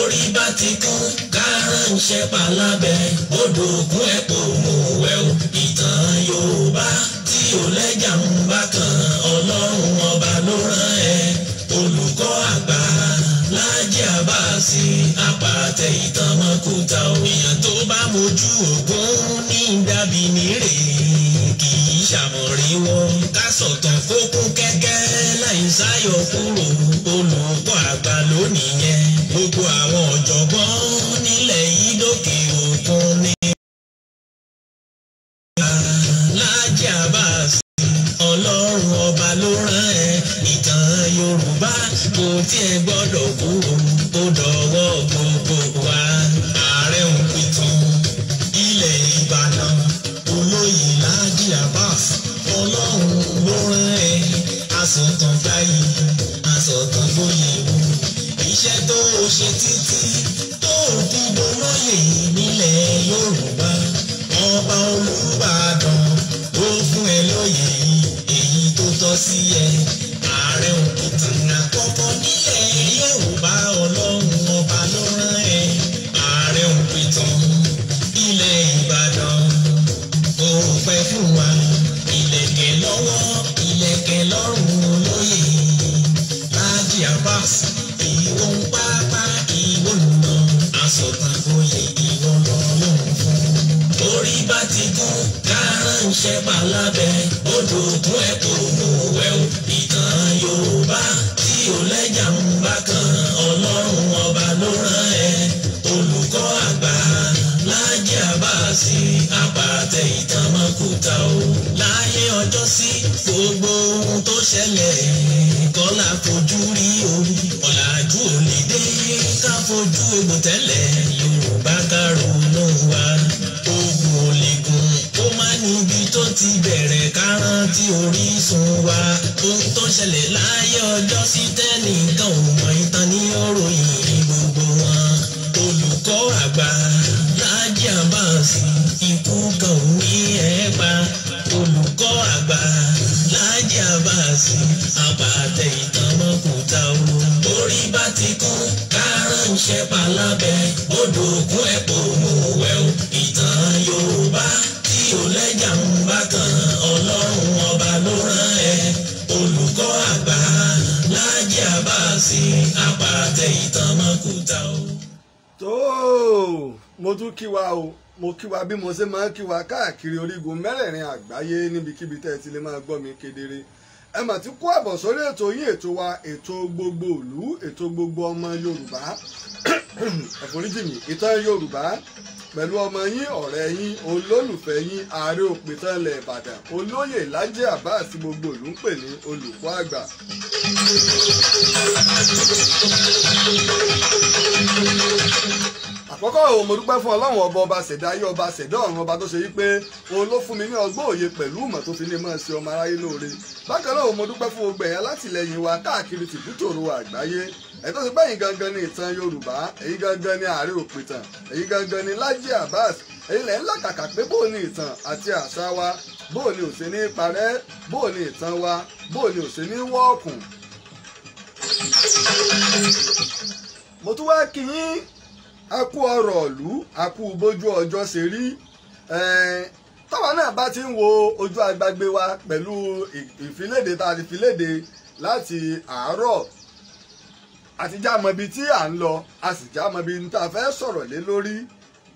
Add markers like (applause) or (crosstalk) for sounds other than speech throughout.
torí bá ti kún kárànṣẹ́ palábẹ́ odò òkun ẹ̀pọ̀ òmùwẹ̀ o ìtàn Yorùbá tí ò lẹ́jà ń bá kan Ọlọ́run ọba ló rán ẹ olùkọ́ àgbà Láàjì Àbáàsì apàtẹ ìtàn mọ́kúta òyìn tó bá mojú ògún ní dàbí nírè kì í ṣàmọ̀rí wọn ká sọ̀tàn kókún kẹ́kẹ́. Fúnmisáyọ̀ kúrò olùkọ́ àgbà lónìí yẹn gbogbo àwọn ọ̀jọ̀gbọ́n. Abẹ́òkúta o láyé ọjọ́ sí gbogbo ohun tó ṣẹlẹ̀ kọ́lá fojú rí orí ọ̀làjú òní dé ká fojú egbò tẹ́lẹ̀ Yorùbá ká ronú wa ogun ò lè gùn ó má níbi tó ti bẹ̀rẹ̀ ká rántí orísun wa ohun tó ṣẹlẹ̀ láyé ọjọ́ sí tẹ́nìkan ò mọ ìtàn ní òròyìn gbogbo wọn olùkọ́ àgbà Láàjì Abbas ikú kan. ṣe bá lábẹ́ odò òkun ẹ̀kọ́ òwúwẹ̀ o ìtàn Yorùbá tí ò lẹ́jà ń bá tàn Ọlọ́run ọba ló rán ẹ olùkọ́ àgbà Láàjì Àbáàsì apàtẹ ìtàn mọ́kúta o. tó mo tún kí wa o mo kí wa bí mo ṣe máa ń kí wa káàkiri orígun mẹ́rẹ̀ẹ̀rin àgbáyé níbikíbi tẹ́ ẹ ti lè máa gbọ́ mi kedere ẹ mà ti kó àbọ̀ sórí ètò yín ètò wa ètò gbogbo ìlú ètò gbogbo ọmọ yorùbá ẹ̀fọ́ríjì (coughs) mi ìtàn yorùbá pẹ̀lú ọmọ yín ọ̀rẹ́ yín olólùfẹ́ yín ààrẹ òpìtàn ilẹ̀ ìbàdàn olóyè Laji Abbas àti gbogbo ìlú ń pè ní olùkọ́ àgbà àkọ́kọ́ òun mo dúpẹ́ fún ọlọ́run ọba ọba ṣẹ̀dá ayé ọba ṣẹ̀dá ọ̀run ọba tó ṣe wípé òun ló fún mi ní ọgbọ́n òye pẹ̀lú ìmọ̀ tó fi ní mọ̀ ṣe ọmọ aráyé lóore bákan náà òun mo dúpẹ́ fún ogbẹ̀yà látìlẹyìn wa káàkiri tìbútòrò àgbáyé ẹ̀tọ́ sí bẹ́yìn gangan ní ìtàn Yorùbá èyí gangan ní ààrẹ òpìtàn èyí gangan ní Laji Abbas èyí lẹ́ ń làkàkà pé bóò ní ìtàn àti àṣà wa bóò ní òṣè ní parẹ́ bóò ní ìtàn wa bóò ní òṣè ní wọ́ọ̀kùn. mo tún wá kí yín a kú ọ̀rọ̀ ọ̀lú a kú bójú ọjọ́ ṣe rí táwa náà bá ti ń wo ojú agbágbé wa pẹ̀lú ìfiléde tá a ti filéde láti àárọ̀ àti já mọ ibi tí à ń lọ a sì já mọ ibi tá a fẹ́ sọ̀rọ̀ lé lórí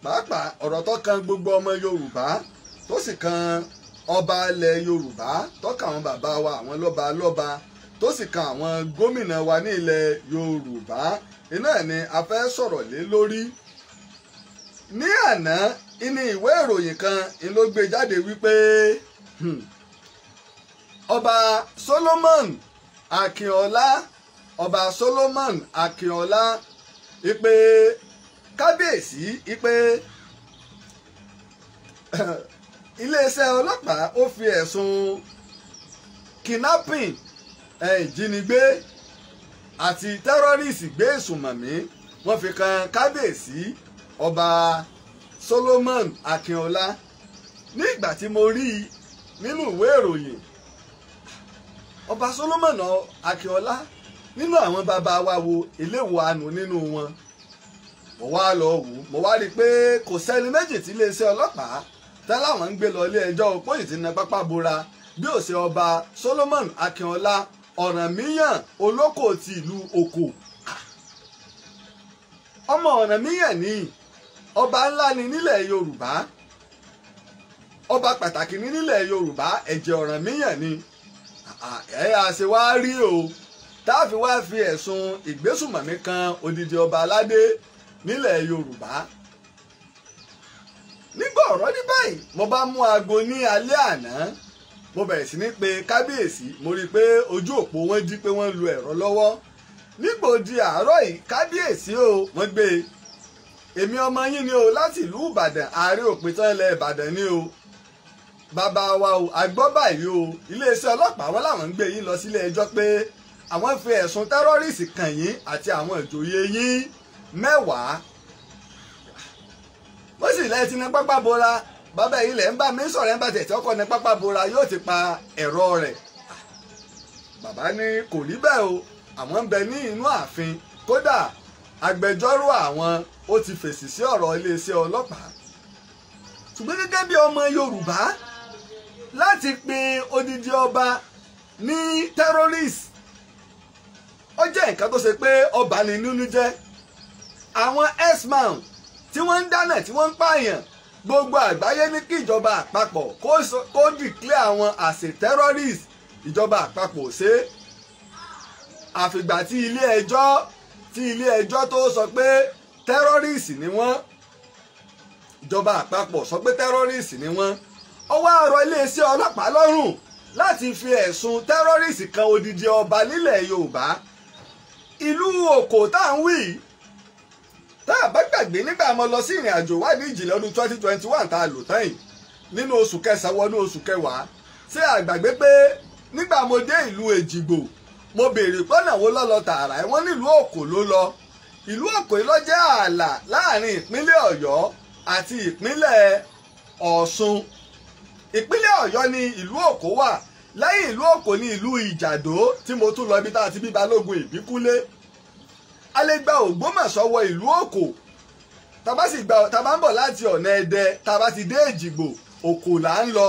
pàápàá ọ̀rọ̀ tó kan gbogbo ọmọ Yorùbá tó sì kan ọba ilẹ̀ Yorùbá tó kan àwọn bàbá wa àwọn lọ́ba lọ́ba tó sì kan àwọn gómìnà wa ní ilẹ̀ Yorùbá iná ni a fẹ́ sọ̀rọ̀ lé lórí ní àná ní ìwé ìròyìn kan ló gbé jáde wípé hmm, ọba Solomon Akínọlá ọba Solomon Akínọlá ipe kábíyèsí ipe (coughs) iléeṣẹ́ ọlọ́pàá ó fi ẹ̀sùn kidnapping eh, ìjínigbé. Eh, àti tẹ́rọ́rìsì gbé ìsùnmọ̀mí wọ́n fi kan kábíyèsí ọba Solomon Akínọlá ní ìgbà tí mo rí i nínú ìwé ìròyìn ọba Solomon Akínọlá nínú àwọn bàbá wa wo eléwo àánú nínú wọn mo wá lọ wò mo wá rí i pé kò sẹ́ni méjì tí iléeṣẹ́ ọlọ́pàá tẹ́láwọn ń gbé lọ ilé ẹjọ́ pọ́yì tí na pápá bora bí ó ṣe ọba Solomon Akínọlá Ọ̀rànmíyàn olóko ti ìlú Oko ọmọ Ọ̀rànmíyàn ni ọba ńlá ni nílẹ̀ Yorùbá ọba pàtàkì ni nílẹ̀ Yorùbá ẹ̀jẹ̀ Ọ̀rànmíyàn ni ẹ̀ á ṣe wá rí o táàfin wá fi ẹ̀sùn ìgbésùmọ̀mí kan odidi ọba aládé nílẹ̀ Yorùbá nígbà ọ̀rọ̀ dé báyìí mo bá mú aago ní alẹ́ àná mo bẹ̀rẹ̀ sí ní pe kábíyèsí mo rí i pé ojú òpó wọn dí pé wọ́n lu ẹ̀rọ lọ́wọ́ nígbò di àárọ̀ yìí kábíyèsí o wọ́n gbé e èmi ọmọ yín ni o láti ìlú ìbàdàn ààrẹ òpìtàn ilẹ̀ ìbàdàn ni o bàbá wa o àgbọ́ báyìí o iléeṣẹ́ ọlọ́pàá wọn làwọn ń gbé yín lọ sílé ẹjọ́ pé àwọn fi ẹ̀sùn tẹ́rọ́rìsì kàn yín àti àwọn ìjòyè yín mẹ́wàá wọ́n sì lẹ́yìn tí ní pápá bora bàbá yìí lẹ̀ ń bá mi sọ̀rọ̀ ẹ̀ ń bá tẹ̀ ọkọ ní pápá bora yóò ti pa ẹ̀rọ rẹ̀ bàbá ní kò rí bẹ́ẹ̀ o àwọn ń bẹ ní inú ààfin kódà agbẹjọ́rò àwọn ó ti fèsì sí ọ̀rọ̀ iléeṣẹ́ ọlọ́pàá ṣùgbọ́n gẹ́gẹ́ bí ọmọ Yorùbá láti pe odidi ọba ní terrorist ó jẹ́ nǹkan tó ṣe pé ọba ni nínú jẹ́ àwọn x-man tí wọ́n ń dáná tí wọ́n ń pààyàn gbogbo àgbáyé ní kí ìjọba àpapọ̀ kó dìklẹ́ àwọn àṣẹ terrorist ìjọba àpapọ̀ ṣe àfìgbà tí ilé ẹjọ́ tí ilé ẹjọ́ tó sọ pé terrorist ni wọ́n ìjọba àpapọ̀ sọ pé terrorist ni wọ́n ó wá rọ iléeṣẹ́ ọlọ́pàá lọ́rùn láti fi ẹ̀sùn terrorist kan odidi ọba nílẹ̀ Yorùbá ìlú Òkò tá à ń wí yìí tá a bá gbàgbé nígbà mo lọ sí ìrìn àjò wádìí ìjìnlẹ̀ ọdún twenty twenty one tá a lò tán yìí nínú oṣù kẹsàn-án wọnú oṣù kẹwàá ṣé àgbàgbé pé nígbà mo dé ìlú èjìgbò mo béèrè pọ́nà wo lọ́lọ́ tààrà ẹ̀ wọ́n nílùú òkò ló lọ ìlú òkò ló jẹ́ ààlà láàrin ìpínlẹ̀ ọ̀yọ́ àti ìpínlẹ̀ ọ̀ṣun ìpínlẹ̀ ọ̀yọ́ ni ìlú òkò wà lẹ́yìn ìlú òkò ni ìlú ìjàdó tí mo tún lọ ibi tá a ti bí balógun ìbíkúlé a lè gba Ògbómọ̀ṣọ́ wọ ìlú Òkò tàbá sì gba tàbá ń bọ̀ láti ọ̀nà Ẹdẹ tàbá ti dé Èjìgbò Òkò là ń lọ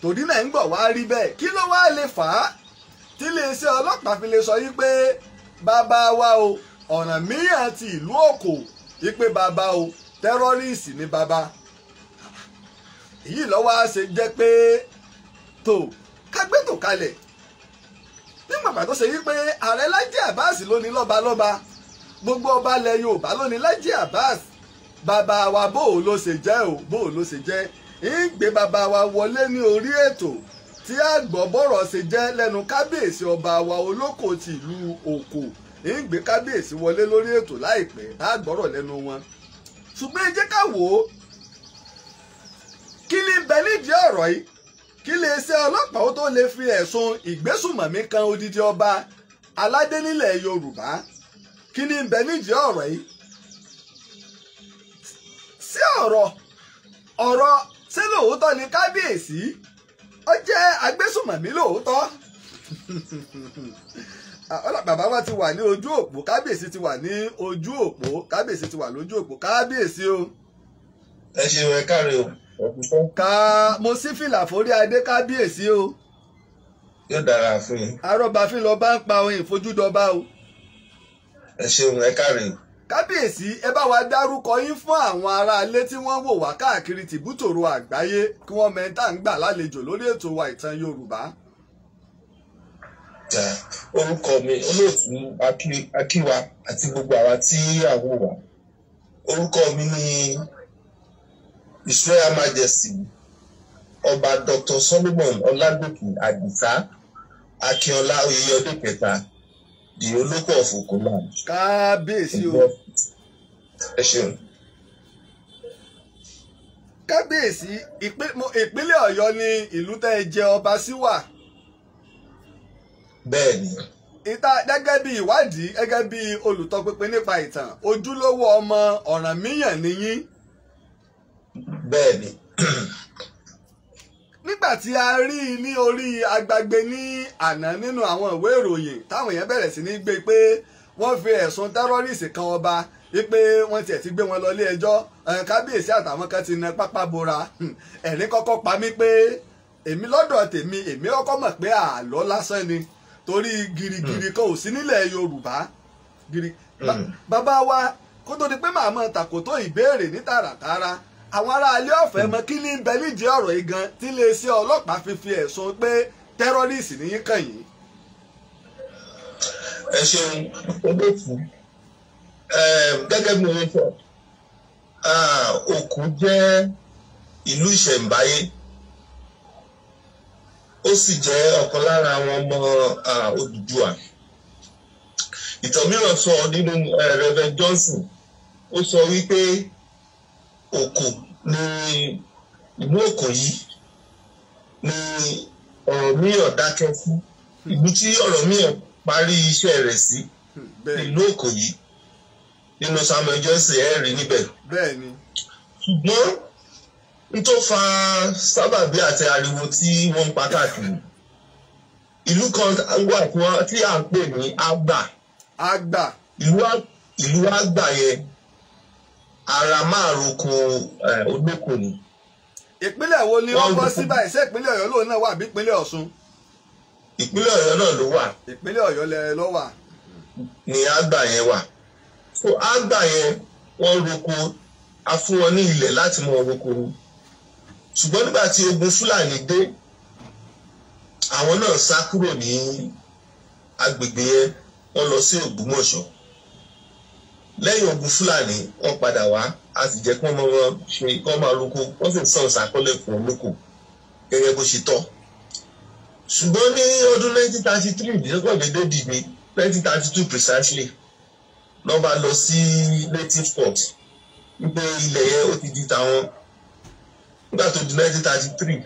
tòdí náà ń gbọ̀ wá rí bẹ́ẹ̀ kí ló wá lè fà á tí iléeṣẹ́ ọlọ́pàá fi lè sọ yí pé bàbá wa o Ọ̀rànmíyàn ti ìlú Òkò yí pé bàbá o tẹ́rọ́rìsì ni bàbá èyí ló wá ṣe jẹ́ pé tó kágbétò kalẹ̀ nígbàgbà tó ṣe wípé ààrẹ Lájí Abbas ló ní lọ́ba lọ́ba gbogbo ọba ilẹ̀ Yorùbá ló ní Lájí Abbas bàbá wa bó o ló ṣe jẹ́ o bó o ló ṣe jẹ́ ń gbé bàbá wa wọlé ní orí ètò tí àgbọ̀bọ̀rọ̀ ṣe jẹ́ lẹ́nu kábíyèsí ọba wa olóko ti ìlú òkò ń gbé kábíyèsí wọlé lórí ètò láìpẹ́ àgbọ̀rọ̀ lẹ́nu wọn ṣùgbọ́n ẹ jẹ́ ká wò ó kí ni bẹ́ẹ̀ nídìí ọ̀rọ̀ yìí kí iléeṣẹ́ ọlọ́pàá ó tó lè fi ẹ̀sùn ìgbésùmọ̀mí kan odidi ọba aládé nílẹ̀ yorùbá kí ni bẹ nídìí ọ̀rọ̀ yìí sí ọ̀rọ̀ ọ̀rọ̀ ṣé lóòótọ́ ni kábíyèsí ó jẹ́ agbésùmọ̀mí lóòótọ́ (laughs) ah, bàbá wa ti wà ní ojú òpó kábíyèsí ti wà ní ojú òpó kábíyèsí ti wà lójú òpó kábíyèsí o. ẹ ṣeun ẹ káre o ká mo sí fìlà forí adé kábíyèsí o. yóò dára fún yín. arọ́bàfin lọ bá ń pa ohun ìfojúdọba o. ẹ ṣeun ẹ káre. kábíyèsí ẹ bá wa dárúkọ yín fún àwọn aráalé tí wọ́n wò wá káàkiri tìbútòrò àgbáyé kí wọ́n mẹ́ta ń gbà lálejò lórí ètò wa ìtàn yorùbá ta orúkọ mi olóòtú akíwa àti gbogbo àwa tí àwọ wà orúkọ mi ni His Royal Majesty Ọba Dr. Solomon Ọládòkun Àdìsá Akínọlá Oyèyọdé kẹta di olóko ọ̀fọ̀kọ́lá. Kábíyèsí o. Ẹ ṣeun. Kábíyèsí ìpínlẹ̀ Ọ̀yọ́ ni ìlú tẹ́ ẹ jẹ ọba sí wà. Bẹ́ẹ̀ni ìta gẹ́gẹ́ bí ìwádìí gẹ́gẹ́ bí olùtọ́pinpin nípa ìtàn ojúlówó ọmọ Ọ̀rànmíyàn nìyí bẹ́ẹ̀ ni. nígbà tí a rí i ní orí agbagbe ní àná nínú àwọn ìwé ìròyìn táwọn èèyàn bẹ̀rẹ̀ sí ní gbé pé wọ́n fi ẹ̀sùn tẹ́rọ́rìsì kan ọba wípé wọ́n tiẹ̀ ti gbé wọn lọ ilé ẹjọ́ kábíyèsí àtàwọn kan ti na pápá bora hmm, ẹ̀rín kọ́kọ́ pa mí pé èmi lọ́dọ̀ tèmi èmi kọ́kọ́ mọ̀ pé àlọ́ lásán ni torí girigiri hmm. kan ò sí nílẹ̀ Yorùbá giri hmm. bàbá wa kó tó di pé màá mọ tàkótó ìbéèrè ní tààràtààrà àwọn aráalé ọ̀fẹ́ mọ kí ní bẹ nídìí ọ̀rọ̀ yìí gan tí iléeṣẹ́ ọlọ́pàá fi fi ẹ̀sùn pé tẹ́rọ́rìsì ní yín kàn yín. ẹ ṣeun olóòfù gẹ́gẹ́ bí mo sọ òkú jẹ́ ìlú ìṣẹ̀ǹbáyé ó sì jẹ́ ọ̀kan lára àwọn ọmọ Odùduwà ìtàn mìíràn sọ nínú Reverend Johnson ó sọ wípé. òkò ní ìlú òkò yìí ní ọ̀rọ̀ míràn dákẹ́ fún ìlú tí ọ̀rọ̀ míràn parí iṣẹ́ rẹ̀ sí ìlú òkò yìí nínú Samuel Johnson ẹ̀ rí níbẹ̀. ṣùgbọ́n n tó fa sábàbí àti ariwo tí wọ́n ń pa káàkiri ìlú kan wà tí à ń pè ní àgbà. àgbà. ìlú àgbà yẹn ara márùkù olóko ni. ìpínlẹ̀ wo ni wọ́n bọ́ sí báyìí ṣé ìpínlẹ̀ ọ̀yọ́ lòun náà wà bí ìpínlẹ̀ ọ̀ṣun. ìpínlẹ̀ ọ̀yọ́ náà ló wà. ìpínlẹ̀ ọ̀yọ́ ló wà. ni àgbà yẹn wà. so àgbà yẹn wọ́n roko a fún wọn ní ilẹ̀ láti mọ roko ṣùgbọ́n nígbà tí ogun fúlàní dé àwọn náà sá kúrò ní agbègbè yẹn wọ́n lọ sí ògbómọ̀ṣọ́ lẹ́yìn ogun fúlàní wọ́n padà wá a sì jẹ́ kí wọ́n máa ṣe kí wọ́n máa lóko wọ́n sì ń sọ̀rọ̀ sàkọlẹ̀ fún olóko gẹ́gẹ́ bó ṣe tọ́ ṣùgbọ́n ní ọdún 1933 ìdílọ́gbọ̀gbẹ́dẹ́ dìde 1932 precisely lọ́ bá lọ sí native court wípé ilẹ̀ yẹn ó ti di tàwọn nígbà tó di 1933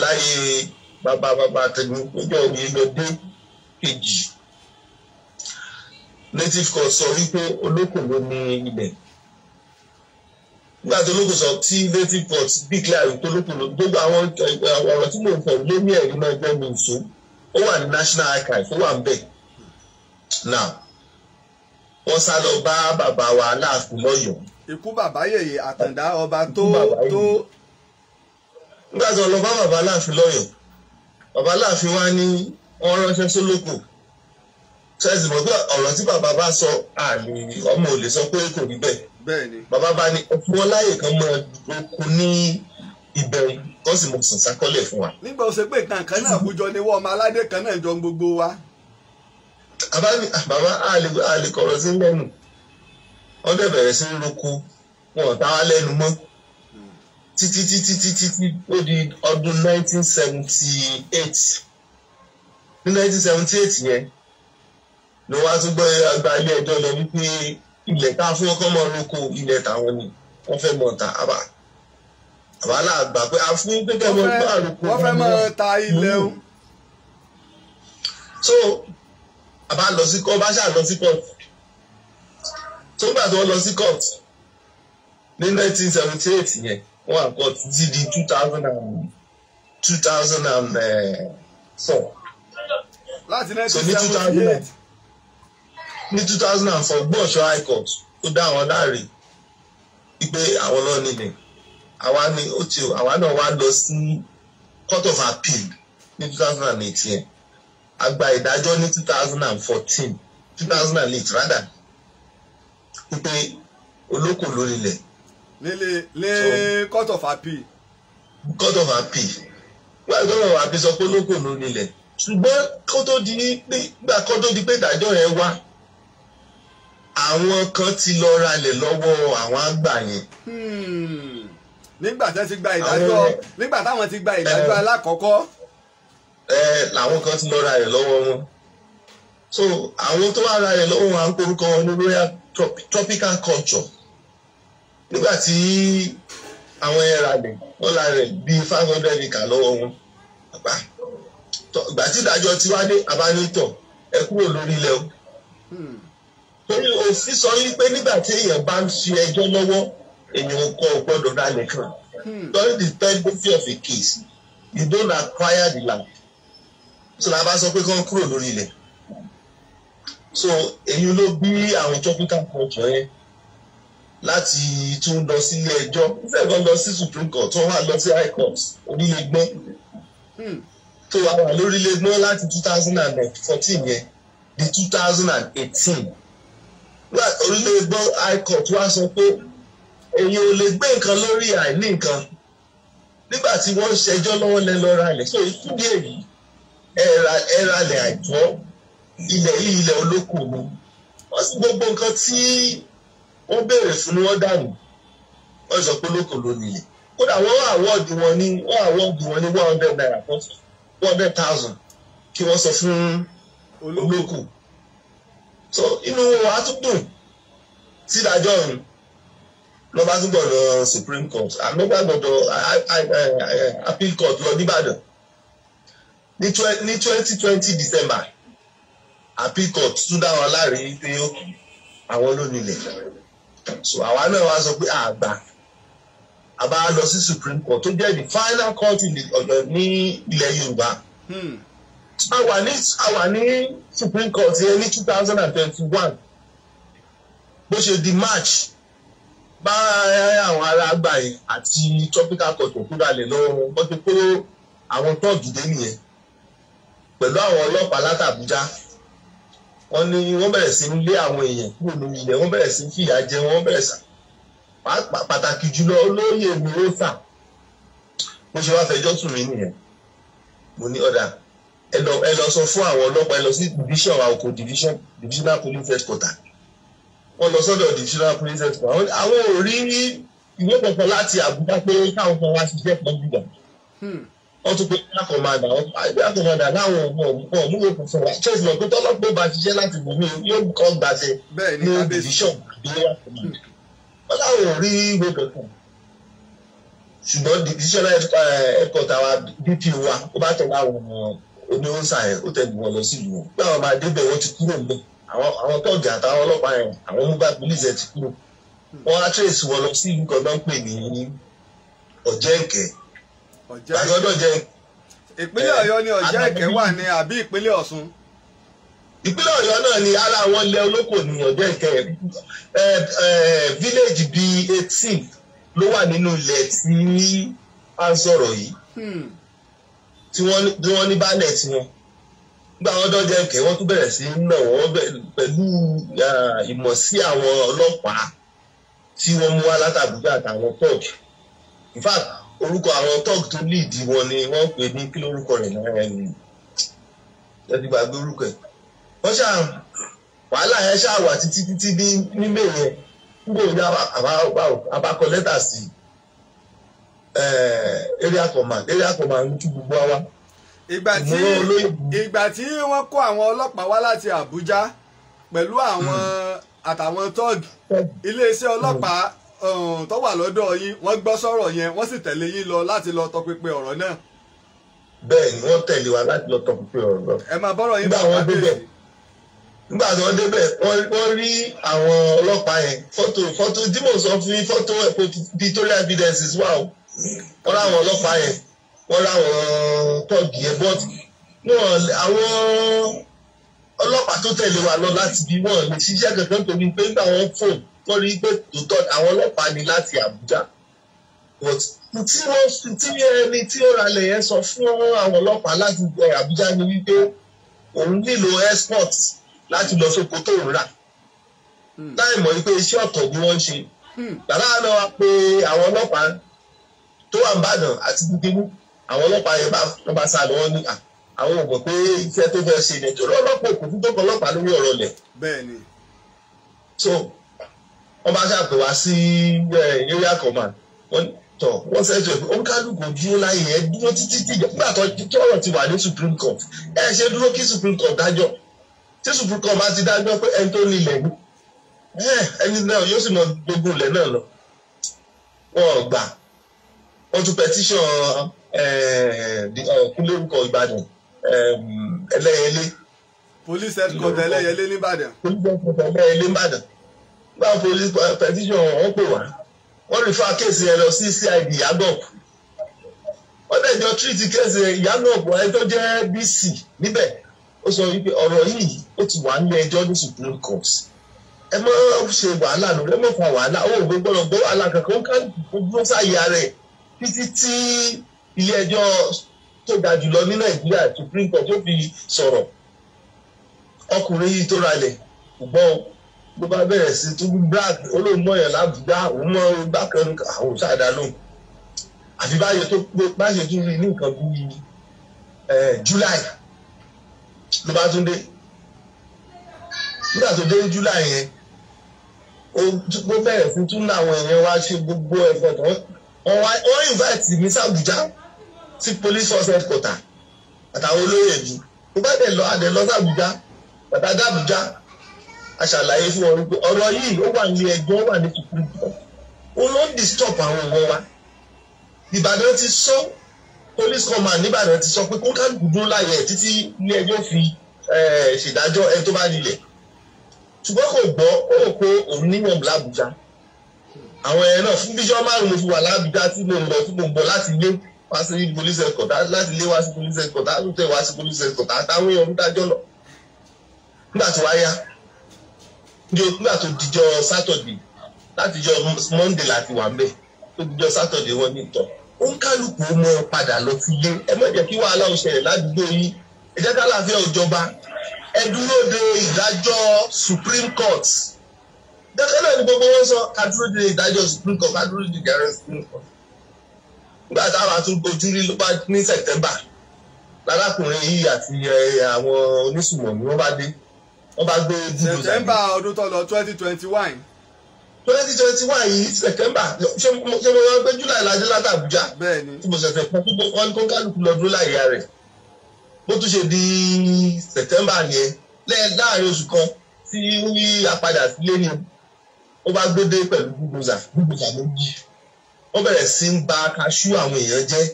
láyé bàbá bàbá àtẹnudọ́jọ́ òye yọdé kejì native court sọ wípé olókòwò ní ilẹ̀ nígbà tó lóko sọ tí native court declare tó lókòwò gbogbo àwọn ọ̀rọ̀ tí mò ń fọ̀ ló ní ẹ̀rí náà gbọ́ mi nso ó wà ní national archive ó wà ń bẹ̀ now wọ́n sá lọ bá bàbá wa aláàfin lọ́yọ̀ọ́. ikú bàbá yèyè àtàndá ọba tó tó. nígbà tó lọ bá bàbá aláàfin lọ́yọ̀ọ́ bàbá aláàfin wa ní wọ́n ránṣẹ́ sólókò ṣẹ́sì mọ̀ pé ọ̀rọ̀ tí bàbá bá sọ àmì ọmọ ò lè sọ pé kò rí bẹ́ẹ̀ bàbá bá ní fún wọn láyè kan mọ oko ní ìbẹ̀rù tó sì mọ sùn sákọ́lẹ̀ fún wa. nígbà ó ṣe pé nǹkan kan náà àwùjọ ni wọ́n ọmọ aládé kan náà jọ gbogbo wa. Ah, bàbá àlè kọ̀rọ̀ sí lẹ́nu wọ́n dẹ̀ bẹ̀rẹ̀ sí roko wọn ò tá wa lẹ́nu mọ́ títí títí títí ó di ọdún 1978 ní 1978 yẹn ló wá tún gbọ́ àgbà ilé ẹjọ́ lọ wípé ilẹ̀ tá a fún ọkọ mọ́ lóko ilẹ̀ táwọn ni wọ́n fẹ́ mọ̀ ta àbá àbá làgbà pé a fún pé kẹ́ mọ́ gbọ́ àlùkò wọ́n fẹ́ mọ́ ta ilẹ̀ o. so àbá lọ sí kọ́ bá ṣáà lọ sí court tó gbà tó lọ sí court ní nineteen seventy eight yẹn wọ́n à court di two thousand and two thousand and eh, four. láti nineteen seventy eight ní two thousand and four gbọ́ọ̀ṣọ́ high court tó dá àwọn láre wípé àwọn náà nílẹ̀ àwa ni ó ti àwa náà wá lọ sí court of appeal ní two thousand and eighteen a gba ìdájọ́ ní two thousand and fourteen two thousand and eight rather wípé olóko ló nílẹ̀. nílé lé court of appeal. court of appeal wọ́n àgbẹ̀ wọn àbí sọ pé olóko ló nílẹ̀ ṣùgbọ́n kó tó di pé ìdájọ́ yẹn wá àwọn kan ti lọ ralẹ̀ lọ́wọ́ àwọn àgbà yẹn. Hmm. nígbà tí wọ́n ti gba ìdájọ́ nígbà táwọn ti gba ìdájọ́ alákọ̀ọ́kọ́. ẹ eh, làwọn kan ti lọ ralẹ̀ lọ́wọ́ wọn so àwọn tó wà ralẹ̀ lọ́wọ́ wọn à ń korúkọ wọn ní royal tropical culture nígbà tí àwọn yẹn ralẹ̀ wọ́n ralẹ̀ bíi five hundred mika lọ́wọ́ wọn ìgbà tí ìdájọ́ tiwa dé abánitọ̀ ẹ kúrò lórí ilẹ̀ o. Hmm torí òfin sọ yín pé nígbà tí èèyàn bá ń ṣe ẹjọ́ lọ́wọ́ èèyàn kò gbọ́dọ̀ dálẹ̀ kan during hmm. the pendency of a case you don't acquire the land so la bá sọ pé kán kúrò lórí ilẹ̀ so èyí ló bí àwọn tropical culture yẹn láti tún lọ sílé ẹjọ́ ìfẹ́ kan lọ sí supreme court wọ́n wà lọ sí high court orílẹ̀ gbọ́n tó hmm. wà wà lórílẹ̀ gbọ́n láti two thousand and fourteen yẹn di two thousand and eighteen orílẹ̀-èdè ICOP wá sọ pé èyí ò lè gbé nǹkan lórí àìní nǹkan nígbà tí wọ́n ń ṣẹjọ́ lọ́wọ́ lẹ́ lọ́ra ilẹ̀ so ikú dé èyí ẹ̀ralẹ̀ àìtọ́ ilẹ̀ yìí ilẹ̀ olóko mu wọ́n sì gbogbo nǹkan tí wọ́n béèrè fún ni wọ́n dànù wọ́n sọ pé olóko ló nìyẹn kódà wọ́n wá àwọ́ọ̀dù wọn ní wọ́n àwọ́ọ̀dù wọn ní one hundred naira one hundred thousand kí wọ́n sọ fún olóko so inú wa tún dùn sí ìdájọ́ ọ̀hún ló bá tún gbọ́dọ̀ supreme court àmì bá gbọ́dọ̀ appeal court lọ nìbàdàn ní twenty twenty december appeal court tún dá wọn láre pé àwọn ló so àwa náà wá sọ pé àgbà àbá lọ sí supreme court tó jẹ́ the final court ní ilẹ̀ yorùbá. Hmm a wà ní a wà ní supreme court yẹn ní two thousand and twenty-one bó ṣe di march bá àwọn ará àgbà yẹn àti tropical court kò kúrò àlè lọ́wọ́ wọn ti kó àwọn tọ́ọ̀gì dé nìyẹn pẹ̀lú àwọn ọlọ́pàá látàbújá wọ́n ní wọ́n bẹ̀rẹ̀ sí lé àwọn èèyàn kúrò lórí ilẹ̀ wọ́n bẹ̀rẹ̀ sí fìyà jẹ wọ́n bẹ̀rẹ̀ sà pàtàkì jùlọ olóyè mi ó sà mo ṣe wá fẹjọ́ sùn mí nìyẹn mo ní ọ̀dà ẹ lọ ẹ lọ sọ fún àwọn ọlọ́pàá ẹ lọ sí division àwòkọ division divisional police headquarter wọ́n lọ sọ́dọ̀ divisional police headquarter àwọn ò rí ìwé kankan láti Àbújá pé káwọn kan wá ṣiṣẹ́ pọ̀ gbígbà hmm. wọ́n tún pé bíyà kọ̀mọ̀dà bíyà kọ̀mọ̀dà láwọn ọmọ ọmọ mú òkú fún wa chelsea lọ pé tọ́lọ́pẹ́ bá ṣiṣẹ́ láti bò mí yóò kọ́ gbàṣẹ ní division àbíyá hmm. láwọn ò rí ìwé kankan ṣùgbọ́n divisional headquarter eh, wa DP wa ó bá tẹ̀lé àwọn ọmọ ọmọ. oní ó sàn ó wọn lọ wọn pé àwọn ti kúrò àwọn àtàwọn yẹn àwọn mobile police ti kúrò wọn á wọn lọ sí náà ń pè ní ìpínlẹ̀ eh, ọ̀yọ́ ni wà ní àbí ìpínlẹ̀ ìpínlẹ̀ ọ̀yọ́ náà ni ara àwọn olóko ní eh, eh, village bíi eighteen ló wà nínú ilẹ̀ tí a ń tí wọ́n ní baálẹ̀ tiwọn nígbà wọn dọ́jọ́ ẹ̀kẹ́ wọ́n tún bẹ̀rẹ̀ sí í nà wọ́n pẹ̀lú ìmọ̀ sí àwọn ọlọ́pàá tí wọ́n mú wá látàbújá àtàwọn tọ́ọ̀g in fact orúkọ àwọn tọ́ọ̀g tó lead wọn ni wọ́n pè ní kí lórúkọ rẹ̀ náà ẹ̀ ní ẹbí gbàgbé orúkọ ẹ̀ wọ́n ṣáà wàhálà yẹn ṣáà wà títí títí ní nílé yẹn nígbà òun ní abakọ lẹ́tà sí i Eh, area command area command ń gbogbo wa. ìgbà tí wọ́n kó àwọn ọlọ́pàá wá láti Àbújá pẹ̀lú àwọn àtàwọn tọ́ọ̀gì iléeṣẹ́ ọlọ́pàá eh, tó wà lọ́dọ̀ yín wọ́n gbọ́ sọ̀rọ̀ yẹn wọ́n sì tẹ̀lé yín lọ láti lọ tọpinpin ọ̀rọ̀ náà. bẹ́ẹ̀ ni wọ́n wa láti lọ tọpinpin ọ̀rọ̀ náà. ẹ máa bọ́rọ̀ yín bá wọn débẹ̀ nígbà tí wọ́n débẹ̀ wọ́n rí àwọn ọlọ́pàá yẹn fọ́tò fọ́tò dímọ̀ sọ fún yín fọ́tò ẹ̀ pé pictorial evidences wà o. Wow wọ́n láwọn ọlọ́pàá yẹn wọ́n láwọn tọ́ọ̀gì yẹn bọ́ọ̀tì wọ́n àwọn ọlọ́pàá tó tẹ̀lé wa lọ láti bí wọ́n lè ṣiṣẹ́ kankan torí pé nígbà wọn fò wọ́n rí pé tòótọ́ àwọn ọlọ́pàá ni láti Àbújá but tí wọ́n tí ẹni tí ó ralẹ̀ yẹn sọ fún àwọn ọlọ́pàá láti Àbújá ni wípé òun nílò export láti lọ sóko tó ń rà hmm. láì mọ̀ wípé iṣẹ́ ọ̀tọ̀ ni wọ́n ń ṣe. Hmm. Bàbá náà wá pé àwọn ọlọ́pàá tó wà ń bàdàn àti gbogbo àwọn ọlọ́pàá yẹn bá wọ́n bá sá lọ wọ́n ní àwọn ò mọ̀ pé iṣẹ́ tó fẹ́ ṣe ni torí ọlọ́pàá òkú fún tókàn ọlọ́pàá lórí ọ̀rọ̀ lẹ̀. bẹ́ẹ̀ni. so wọ́n bá ṣàpè wá sí area command wọ́n tọ̀ wọ́n ṣẹ́jọ́ pé oníkálukú dúró láyé ẹ dúró títí tí nígbà tó ọ̀rọ̀ ti wà ní supreme court ẹ ṣe dúró kí supreme court dájọ́ tí supreme court bá ti dájọ́ pé ẹni tó nílẹ̀ ni ẹni náà yóò sì mọ gbogbo ilẹ̀ náà lọ wọ́n gbà ó tún petition eh, eh, kúlórúkọ ìbàdàn eh, ẹlẹ́yẹlé. police headquarter ẹlẹ́yẹlé nìbàdàn. police headquarter ẹlẹ́yẹlé nìbàdàn báwo police petition wọ́n pè wá wọ́n rí fún àkéèsì ẹ lọ sí CID yagop wọ́n dẹ̀ jọ treat kéèsì yagop ẹ tó jẹ́ BC níbẹ̀ ó sọ wípé ọ̀rọ̀ yìí ó ti wà nílé ẹjọ́ ní Supreme Court ẹ mọ̀ ṣe wàhálà lórí ẹ mọ̀ fà wàhálà ó gbọ́dọ̀ gbọ́ wàhálà kankan ó kàn dúró sáyé ara títí tí ilé ẹjọ́ tó ga jùlọ ní nàìjíríà supreme court yóò fi sọ̀rọ̀ ọkùnrin yìí tó ralẹ̀ ṣùgbọ́n ló bá bẹ̀rẹ̀ sí tún brad olóòmọ yẹn lábùdá òun mọ bákan àwọn sáàdá lóhùn àfi báyọ̀ tó pé báyọ̀ tún rí ní nǹkan bíi july ló bá tún dé nígbà tó dé july yẹn ó bẹ̀rẹ̀ sí tún làwọn èèyàn wá ṣe gbogbo ẹ̀fọ́ tó wọ́n invite mi sàbújá sí police force headquarter àtàwọn olóyè mi mo bá dẹ̀ lọ adẹ̀ lọ sàbújá bàtà dàbújá aṣàlàyé fún ọ wípé ọ̀rọ̀ yìí ó wà ní ẹ̀gbọ́n ó wà ní kùkùrù kan ó ló ń disturb àwọn ọmọ wa Ìbàdàn ti sọ police command nìbàdàn ti sọ pé kó kálukú dúró láyè títí ilé ẹjọ́ fi ṣèdájọ́ ẹ tó bá nílẹ̀ ṣùgbọ́n kò gbọ́ ó rò pé òun níyàn lábújá àwọn yẹn náà fún bíṣọ́ márùn-ún mo fi wà lábùjá tí mo ń lọ tí mo ń bọ̀ láti lé wá sí police headquarter láti lé wá sí police headquarter àtúntẹ̀ wá sí police headquarter àtàwọn èèyàn ń dájọ́ lọ nígbà tó wá yá nígbà tó dijọ́ sátọ̀dì láti jọ monday láti wà mbẹ tó dijọ́ sátọ̀dì wọn ní ìtọ̀ ó ń kálukú mọ́ padà lọ sí ilé ẹ má jẹ́ kí wàhálà ò ṣẹlẹ̀ ládùúgbò yìí ẹ jẹ́ ká láàfin ẹ dúró de ìdájọ́ supreme court dẹ́kẹ́ náà ni gbogbo wọn sọ kádúró de ìdájọ́ supreme court kádúró de ìdájọ́ supreme court nígbà táwọn àtúngbòjú rí ló ní sẹ̀tẹ́mbà lárákùnrin yìí àti àwọn onísùmọ̀mí wọ́n bá dé wọ́n bá gbé búlò sàgbé. sẹ̀tẹ́mbà ọdún tó twenty twenty one. twenty twenty one yìí sẹ̀tẹ́mbà ṣé mo máa gbé july lajẹ́ láti àbújá tí mo ṣẹ̀ṣẹ̀ fún gbogbo wọn kó kálukú lọ dúró láyé rẹ̀ bó tún ṣe di sẹ̀tẹ́mbà yẹn láàrin oṣù kan tí a padà sílé ni ó bá gbé dé pẹ̀lú gbogboza gbogboza ló yí wọ́n bẹ̀rẹ̀ sí ń ba kaṣú àwọn èèyàn jẹ́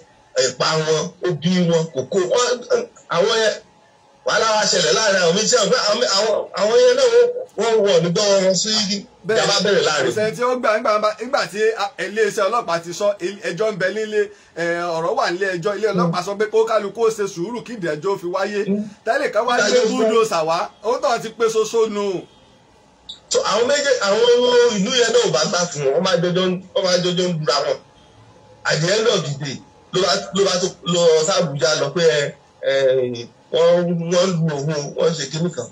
ẹ̀pà wọn obì wọn kòkó àwọn yẹn wàhálà wa ṣẹlẹ̀ láàrin àwọn méjì àwọn yẹn náà wọ́n wọ̀ nígbà wọn sí ah, ìjàmbá bẹ̀rẹ̀ láàrin. ọ̀sẹ̀ tí ó gbà nígbà tí ah, iléeṣẹ́ ọlọ́pàá ti sọ ẹjọ́ ń bẹ nílé ọ̀rọ̀ wà nílé ẹjọ́ ilé hmm. ọlọ́pàá sọ pé kó kálukú ó ṣe sùúrù kí ìdẹ́jọ́ fi wáyé hmm. tẹ́lẹ̀ kan wá gbé búdòsà wá ó náà ti pé soso nù so àwọn méje àwọn ìlú yẹn náà ò bá gbà fún wọn máa jọjọ wọn máa jọjọ ń dura wọn at the end of the day ló bá ló bá tó lọ sábùjá lọ pé ẹ wọn wọn lu òun wọn ṣe kíní kan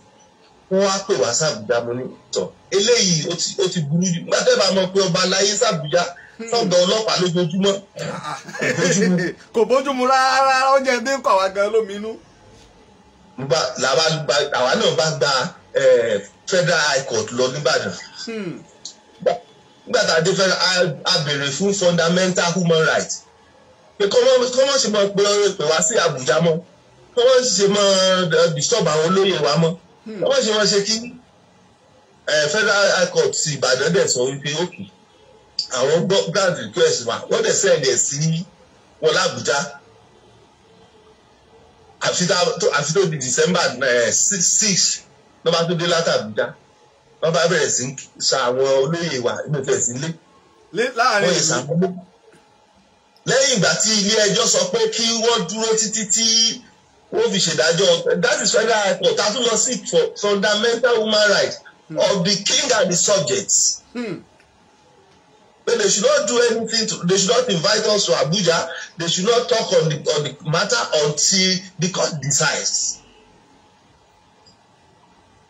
wọn wá pè wá sábùjá mo ní tọ eléyìí ó ti ó ti burú jù gbàtẹ́ bá mọ̀ pé ọba aláyé sábùjá sọ́dọ̀ ọlọ́pàá lójoojúmọ́ kò bójúmu rárá oúnjẹ dé kọ àwa gan lóminú. àwa náà bá gba federal high court lọ nìbàdàn hmm. nígbà tá a dé federal a béèrè fún fundamental human rights pé kọ́mọ́ ṣe máa pe pè wá sí àbújá mọ́ kọ́mọ́ ṣe máa eh, disturb àwọn olóyè wa mọ́ hmm. kọ́mọ́ ṣe máa ṣe kí eh, federal high court ti ìbàdàn dẹ̀ sọ wípé òkè àwọn grand request wa wọ́n dẹ̀ send ẹ̀ sí wọn lábújá àfi tó di December eh, six ló bá tó dé látàbújá ló bá bẹ̀rẹ̀ sí sa àwọn olóyè wa inú ìfẹ́ sí ilé wọ́n yẹ sàmọ́ lẹ́yìn ìgbà tí ilé ẹjọ́ sọ pé kí wọ́n dúró títí tí wọ́n fi ṣèdájọ́ that is why that court has to lọ sí for fundamental human rights hmm. of the king and the subjects. Hmm. But they should not do anything to, they should not invite us to Abuja they should not talk on the on the matter until the court decides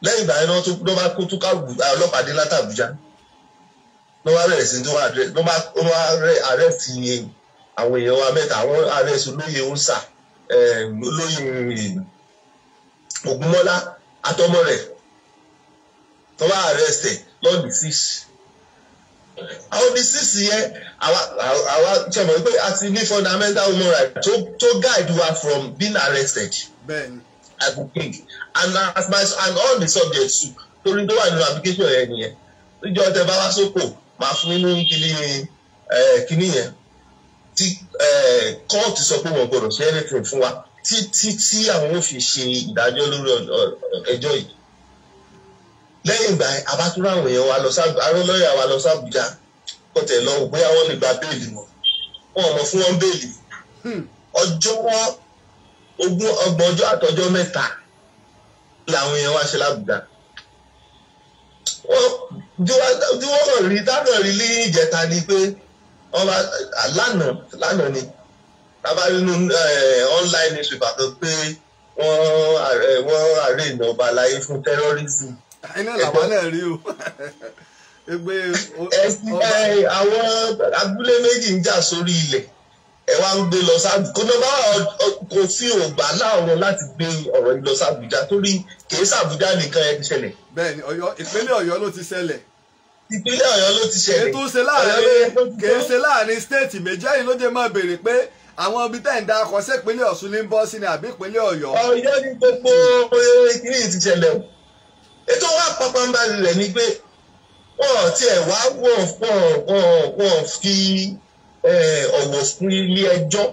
lẹ́yìn ìgbà yẹn ló bá kó túká ah, ọlọ́pàá dé láti Àbújá ló bá bẹ̀rẹ̀ sí ní ló bá àrẹ́sì àwọn èèyàn wa mẹ́ta àwọn àrẹ́sì olóyè ń sà eh, olóyè Ògúnmọ́lá àtọmọ rẹ̀ tó bá àrẹ́sì lọ́ọ̀dì six àwọn bíi sísì yẹn àwa jẹ́ mọ̀ pé a ti ní fundamental human right tó guide wa from being arrested. Ben. I could pick and as my and all the subjects too torí tó wà nínú application yẹn nìyẹn níjọ tẹ bá wá sóko máa fún nínú kíní kíní yẹn tí kóòtù sọ pé wọn gbọ́dọ̀ ṣe anything fún wa títí tí àwọn ò fi ṣe ìdájọ́ lórí ẹjọ́ yìí lẹ́yìn ìgbà abátúrò àwọn èèyàn wa lọ sábà àwọn lọ́ọ̀yà wa lọ sábùjá kọtẹ lọ bóyá wọ́n lè gba béèlì wọn wọn ò mọ fún wọn béèlì hmm. ọjọ́ wọn ogún ọgbọ̀n ọjọ́ àtọjọ́ mẹ́ta làwọn èèyàn wá ṣe lábùdá tí wọ́n kàn rí tákàn rí ní ìjẹta ni pé ọba lánàá lánàá ni bàbá nínú eh, online news paper kan pé wọ́n àárẹ̀ eh, ìnàba láyé fún tẹ́rọ́rìsì. iná làwọn náà rí o (laughs) ẹgbẹ́. ẹ̀sìn eh, àwọn abúlé méjì ń jà sórí ilẹ̀ ẹ wá ń gbé lọ sáàbù kó náà bá kò fi ògbà láwọn láti gbé ọ̀rọ̀ yìí lọ sábùjá torí kìí sábùjá nìkan ẹ ti ṣẹlẹ̀. bẹ́ẹ̀ni Ọ̀yọ́ ìpínlẹ̀ Ọ̀yọ́ ló ti ṣẹlẹ̀. ìpínlẹ̀ Ọ̀yọ́ ló ti ṣẹlẹ̀. ètò ṣe láàrin kìí ṣe láàrin stéètì méjì ẹ̀yìn ló dé máa béèrè pé àwọn ibi tẹ́ ń da akọ sí ìpínlẹ̀ Ọ̀ṣun ní bọ́ sí ni àbí ìpínlẹ̀ Ọ̀yọ́. Ọ̀yọ́ ni gbogbo kiri ti ṣẹlẹ̀ o ètò wa pàpàǹbà rẹ̀ ni pé wọ́n ti ẹ̀ wá wọ̀ wọ̀ wọ̀ fi ọ̀wọ̀ fún ilé ẹjọ́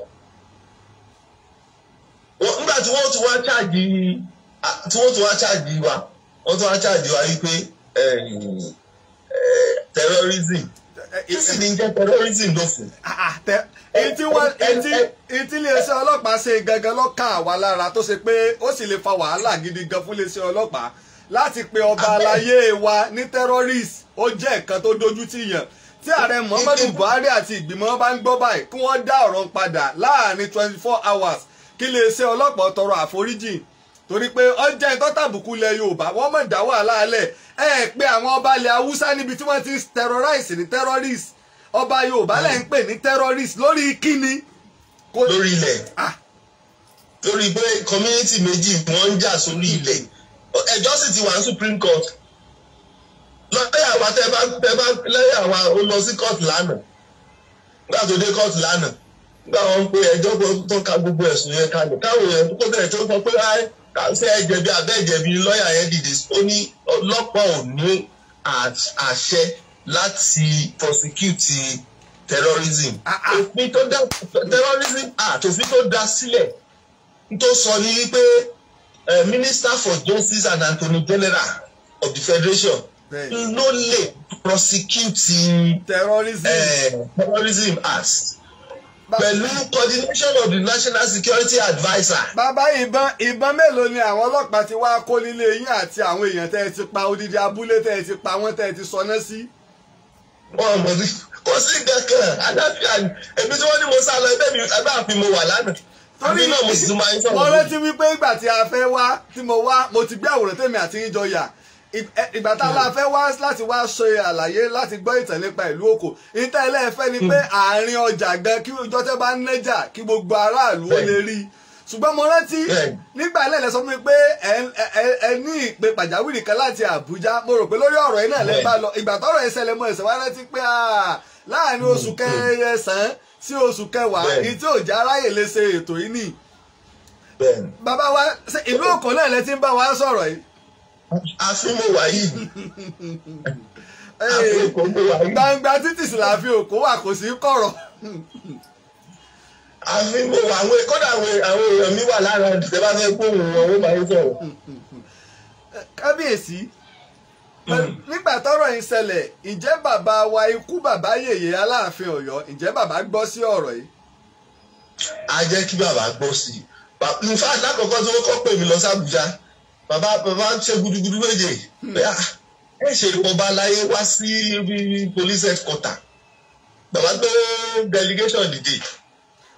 nígbà tí wọ́n ti wá ṣáàjì tí wọ́n ti wá ṣáàjì wa wọ́n ti wá ṣáàjì wa wípé terrorism kìsì ní jẹ́ terrorism ló fún. etí ah, ah, iléeṣẹ́ ọlọ́pàá ṣe gangan ló ká àwa lára tó ṣe pé ó sì lè fa wàhálà gidi gan fún iléeṣẹ́ ọlọ́pàá láti pe ọba àlàyé wa ní terrorist ó jẹ́ nǹkan tó dojú tì yàn tí ààrẹ muhammadu buhari àti ìgbìmọ̀ bá ń gbọ́ báyìí kí wọ́n dá ọ̀rọ̀ padà láàrin twenty four hours kí iléeṣẹ́ ọlọ́pàá tọrọ àforíjì torí pé ọjà ìtọ́tàbùkù ilẹ̀ yorùbá wọ́n mọ̀ dá wàhálà alẹ̀ ẹ̀ pé àwọn ọba ilẹ̀ haúsá níbi tí wọ́n ti ń terrorize ní terrorist ọba yorùbá lẹ̀ ń pè ní terrorist lórí kíni. lórí ilẹ̀ lórí pé community méjì wọ́n ń jà sórí ilẹ̀ ẹjọ́ sì ti wà ní supreme court lọ́yà wa tẹ́ bá tẹ́ bá lọ́yà wa ó lọ sí kóòtù lánàá nígbà tó dé kóòtù lánàá nígbà wọn pe ẹjọ́ tó ka gbogbo ẹ̀sùn yẹn kalẹ̀ káwọn èèyàn tó tẹ̀ tó sọ pé ṣé ẹ jẹ̀bi abẹ́ ìjẹ̀bi lọ́yà yẹn dìde ó ní ọlọ́pàá ò ní àṣẹ láti prosecute terrorism ah, ah. òfin tó dá terrorism act òfin tó dá sílẹ̀ tó sọ ní wípé eh, minister for justice and attorney general of the federation ló lè prosecute terrorism eh, act pẹ̀lú coordination of the national security adviser. bàbá ìbọn ìbọn mélòó ni àwọn ọlọ́pàá ti wá kó nílé yín àti àwọn èèyàn tẹ́ ẹ ti pa odidi abúlé tẹ́ ẹ ti pa wọ́n tẹ́ ẹ ti sọná sí. wọn mọ sí kò sí kankan aláfíà ni èmi tí wọn ní mo sá lọ ẹgbẹ́ mi ẹgbẹ́ àfin mo wà lánàá torí mo rántí wípé ìgbà tí a fẹ́ wá tí mo wá mo ti gbé àwòrán tèmi àti yín jọ yà ìgbà tá a la fẹ́ wá láti wá ṣe àlàyé láti gbọ́ ìtàn nípa ìlú òkò ìtàn ẹlẹ́fẹ́ ni pé hmm. àárín ọjà gan kí ọjọ́ tẹ́ bá ń nẹ́jà kí gbogbo aráàlú ó lè rí ṣùgbọ́n mo rántí nígbà ilé ẹ̀lẹ́sọ mi pé ẹ ní ìpè pàjáwìrì kan láti Àbújá mo rò pé lórí ọ̀rọ̀ yìí náà lẹ́ bá lọ ìgbà tọ́rọ̀ ẹsẹ̀ lẹ́mọ ẹ̀sẹ̀ wá rántí pé láàárín hmm, oṣù hmm. kẹsàn-án sí oṣù kẹwàá ní tí òjá aráyè lè ṣe ètò yìí nì. bàbá wa ìlú òkò náà lẹ ti ń bá wa sọ̀rọ̀ yìí asínmọ̀wá (laughs) yìí gbangba títí sìláfì òkú wà kò sí kọ̀rọ̀. asínmọ̀wá àwọn kódà àwọn èèyàn mi wà lára ìdílé bá fẹ́ gbóhùn wọn ó máa ń sọ̀rọ̀. kábíyèsí hmm. nígbà tọ́rọ̀ yìí ṣẹlẹ̀ ǹjẹ́ bàbá wa ikú bàbá yèyé aláàfin Ọ̀yọ́ ǹjẹ́ bàbá gbọ́ sí ọ̀rọ̀ yìí. a jẹ́ kí bàbá gbọ́ sí i nfa alákọ̀ọ́kọ́ tí wọ́n kọ́ pè mí lọ sí Àbújá bàbá bàbá ṣe gudugudu méje hmm. ẹ ṣe ìpọba aláyé wá sí police headquarter bàbá gbé delegation dìde.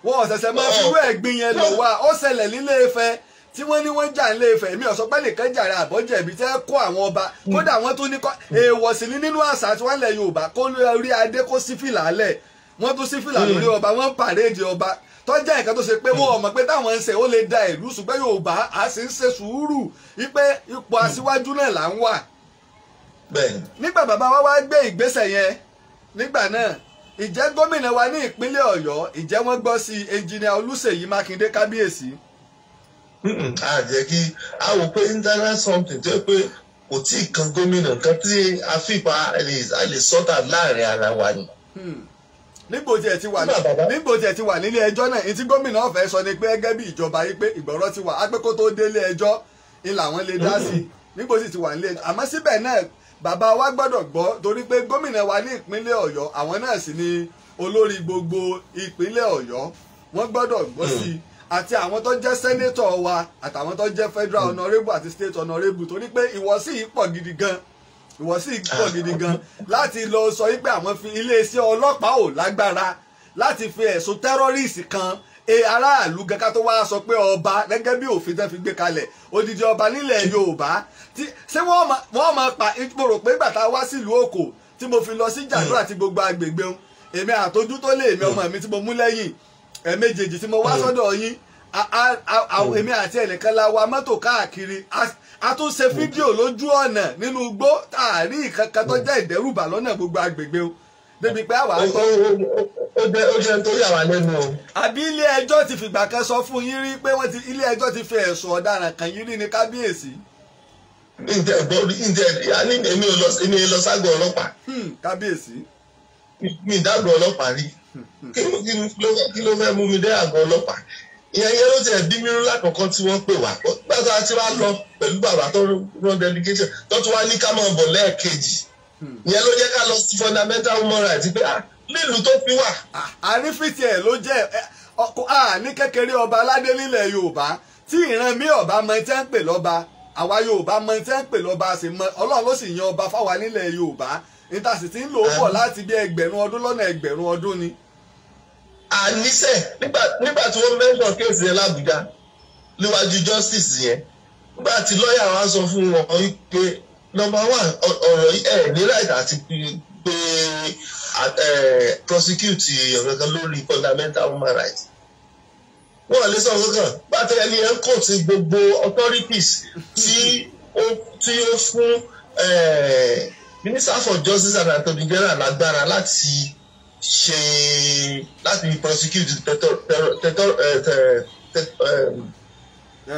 wọn ò ṣẹ̀ṣẹ̀ máa fi wẹ́ẹ̀ gbin yẹn lọ wá ó ṣẹlẹ̀ nílé Ifẹ̀ tí wọ́n ní wọ́n jà ń lé mi ò sọ pé nìkan jàre àbọ̀jẹ̀bi tẹ́ kó àwọn ọba hmm. kódà wọ́n tún ní kọ́ èèwọ̀ sí ní nínú àṣà tí wọ́n lẹ̀ Yorùbá kó lórí adé kó sífìlà lẹ̀ wọ́n tún sífìlà hmm. lórí ọba wọ́n pàrédì tọ́jà nǹkan tó ṣe pé wọ́n ọmọ pé táwọn ń ṣe ó lè da ìlú ṣùgbọ́n Yorùbá a sì ń ṣe sùúrù wípé ipò hmm. aṣíwájú náà là ń wà. nígbà bàbá wa wá gbé ìgbésẹ̀ yẹn nígbà náà ìjẹ́ gómìnà wa ní ìpínlẹ̀ Ọ̀yọ́ ìjẹ́ wọ́n gbọ́ sí ẹnjìnìà Olúṣèyí Mákindé kábíyèsí. Hmm, a jẹ́ kí a wò pé internal something tó pé kò tí ì kan gómìnà kan tí a fìpa a lè sọ́tà láàrin ara wa ni. Hmm níbo tiẹ̀ ti wà níbo tiẹ̀ ti wà nílé ẹjọ́ náà etí gómìnà ọ̀fẹ́ sọ ni pé gẹ́gẹ́ bí ìjọba yìí pé ìgbọ̀rọ̀ ti wà ápẹ́ kó tó délé ẹjọ́ ni làwọn lè dá sí níbo sì ti wà nílé ẹjọ́ àmọ́ síbẹ̀ náà bàbá wa gbọ́dọ̀ gbọ́ torí pé gómìnà wa ní ìpínlẹ̀ ọ̀yọ́ àwọn náà sì ni olórí gbogbo ìpínlẹ̀ ọ̀yọ́ wọ́n gbọ́dọ̀ gbọ́ sí i àti àwọn tó jẹ́ sẹ́nétọ̀ wa àtàwọn tó jẹ́ federal honourable àti state honourable torí pé ìwọ̀sí yìí pọ̀ gidi gan-an ìwọ sì pọ̀ gidi gan láti lọ sọ wípé àwọn fi iléeṣẹ́ ọlọ́pàá ò lágbára láti fi ẹ̀sùn tẹ́rọ́rìsì kan e aráàlú gan tó wá sọ pé ọba gẹ́gẹ́ bí òfin tán fi gbé kalẹ̀ odidi ọba nílẹ̀ Yorùbá tí ṣé wọ́n máa pa mo rò pé gbàtà wá sílùú Òkò tí mo fi lọ sí jàdúrà àti gbogbo agbègbè òun èmi àtọ́jú tó lé èmi ọmọ mi tí mo mú lẹ́yìn ẹ̀ẹ̀mejèèjì tí mo wá sọ́dọ̀ yín èmi àti ẹnìkan la wa mọ́tò káàkiri a tún ṣe fídíò lójú ọ̀nà nínú igbó tààrí ìkankan tó jẹ́ ìdẹ́rùbà lọ́nà gbogbo agbègbè o débi pé àwa gbọ́. ó jẹ́ ó jẹ́ nítorí àwa lẹ́nu o. àbí ilé ẹjọ́ ti fìgbà kan sọ fún yín rí pé wọ́n ti ilé ẹjọ́ ti fi ẹ̀sùn ọ̀daràn kan yín rí ní kábíyèsí. ǹjẹ́ bọ́ọ̀lù ǹjẹ́ àní èmi ò lọ èmi ò lọ ságọ̀ ọlọ́pàá. Hmm, kábíyèsí. mi ìdágọ̀ ọlọ́pàá rí hmm, hmm. kí ló fẹ́ mú mi dé àgọ́ ọlọ́pàá ìyẹn yẹn ló ti ẹ̀ bí mi rú lákọ̀ọ́kọ́ tí wọ́n pè wá gbàgbà tí wàá lọ pẹ̀lú bàbá tó rán dedication tó tún wá ní ká máa bọ̀ lẹ́ẹ̀kejì hmm. ìyẹn ló jẹ́ ká lọ sí fundamental human rights pé ah, nílùú tó fi wà. Ah, àrífìtì ẹ̀ ló jẹ́ ní kékeré ọba aládé nílẹ̀ yorùbá tí ìran mi ọba mọ tẹ́ ń pè lọ́ba àwa yorùbá mọ tẹ́ ń pè lọ́ba sì mọ ọlọ́run ló sì yan ọba fáwa nílẹ̀ yorùbá níta ti ń lò ó pọ̀ láti bí ẹgbẹ̀rún ọdún lọ́nà ẹgbẹ̀rún ọdún ni àníṣe nígbà tí wọ́n mẹ́sàn kéèsì yẹn lábújá níwájú justice yẹn nígbà tí lọ́ọ̀yà wa sọ fún wọn pé nọ́mbà one ọ̀rọ̀ ẹ̀ ní right àti pé prosecute ọ̀rọ̀ kan lórí fundamental human rights wọn lè sọ kankan bàtà ẹni ẹ ń kò tí gbogbo authorities tí ó tí ó fún minister for justice and attorney general lágbára láti. La ṣe láti prosecute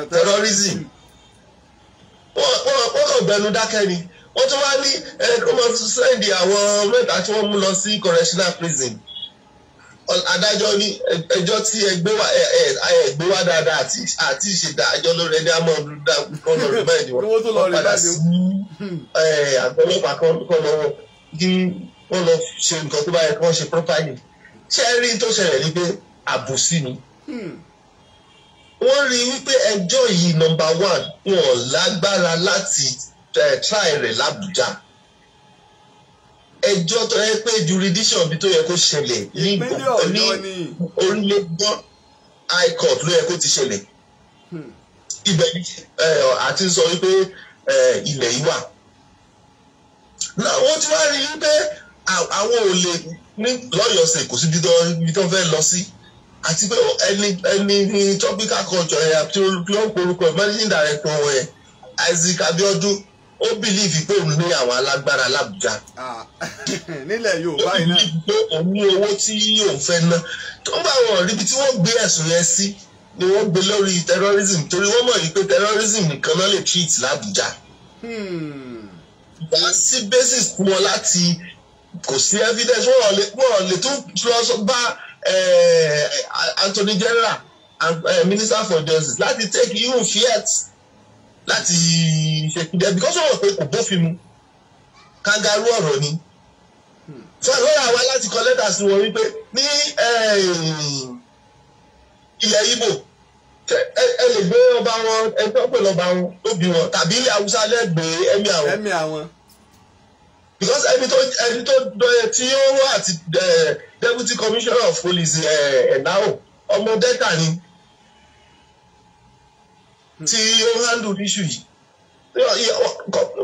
terrorism wọ́n kàn bẹnu dákẹ́ ni wọ́n tún wá ní ẹ̀ẹ́dẹ́gbọ́n eh, máa tún sẹ́ndì àwọn mẹ́ta tí wọ́n mú lọ sí correctional prison adájọ́ ní ẹjọ́ tí ẹ gbé wá ẹ ẹ gbé wá dáadáa àti àti ìṣèdá àjọ lórí ẹni àmọ́ ọdún kan lọ rìmáìdì wọn padà sí eh, àgbọ̀lọ́pàá kan lọ́wọ́ kí wọ́n lọ ṣe nǹkan tó bá yẹ kí wọ́n ṣe properly ṣé ẹ rí tó ṣẹlẹ̀ ní pé àbòsí ni hmm. wọ́n rí wípé ẹjọ́ yìí nọ́mbà one wọn ò lágbára láti eh, try rẹ̀ l'Abuja ẹjọ́ tó yẹ pé jurisdiction bí tó yẹ kó ṣẹlẹ̀ ní orílẹ̀-èdè high court ló yẹ kó ti ṣẹlẹ̀ hmm. ibẹ̀ àti eh, sọ wípé eh, ilẹ̀ yìí wà wọ́n ti wá rí wípé àwọn ò lè ní lọ́yọ̀ọ́ ṣe kò sí ibi tí wọ́n fẹ́ lọ sí àti pé ẹni ẹni ní tropical culture ẹ̀yà tí wọ́n porúkọ managing director wọn ẹ̀ Isaac Abiodun ó bìlíìfì pé òun ní àwọn alágbára làbújá. (laughs) nílẹ̀ Yorùbá yìí náà. ó bìlíìfì pé òun ní owó tí òun fẹ́ ná tó ń bá wọn ríbi tí wọ́n gbé ẹ̀sùn yẹn sí ni wọ́n gbé lórí terrorism torí wọ́n mọ̀ wípé terrorism nìkan náà lè treat làbújá. Hmm. wọ́n sí basis fún wọn láti kò sí evidence wọ́n lè tún lọ bá eh, Anthony General eh, Minister for Justice láti take even fiat láti ṣèkúdẹ because wọ́n rò pé kò bófin mu kangaroo ọ̀rọ̀ ni fún àwọn àwa láti kọ lẹ́tà sí wọn wípé ní eh, ilẹ̀ Ìgbò ẹ lè gbé ọba wọn ẹgbẹ́ ọ̀pẹ̀lọba wọn lóbi wọn tàbí ilẹ̀ Haúsá lẹ́gbẹ̀ẹ́ ẹ̀mí àwọn because ẹni tó ẹni tó tí ó wà àti deputy commissioner of police ẹ̀dáwò ọmọ delta ni hmm. tí ó handle issue yìí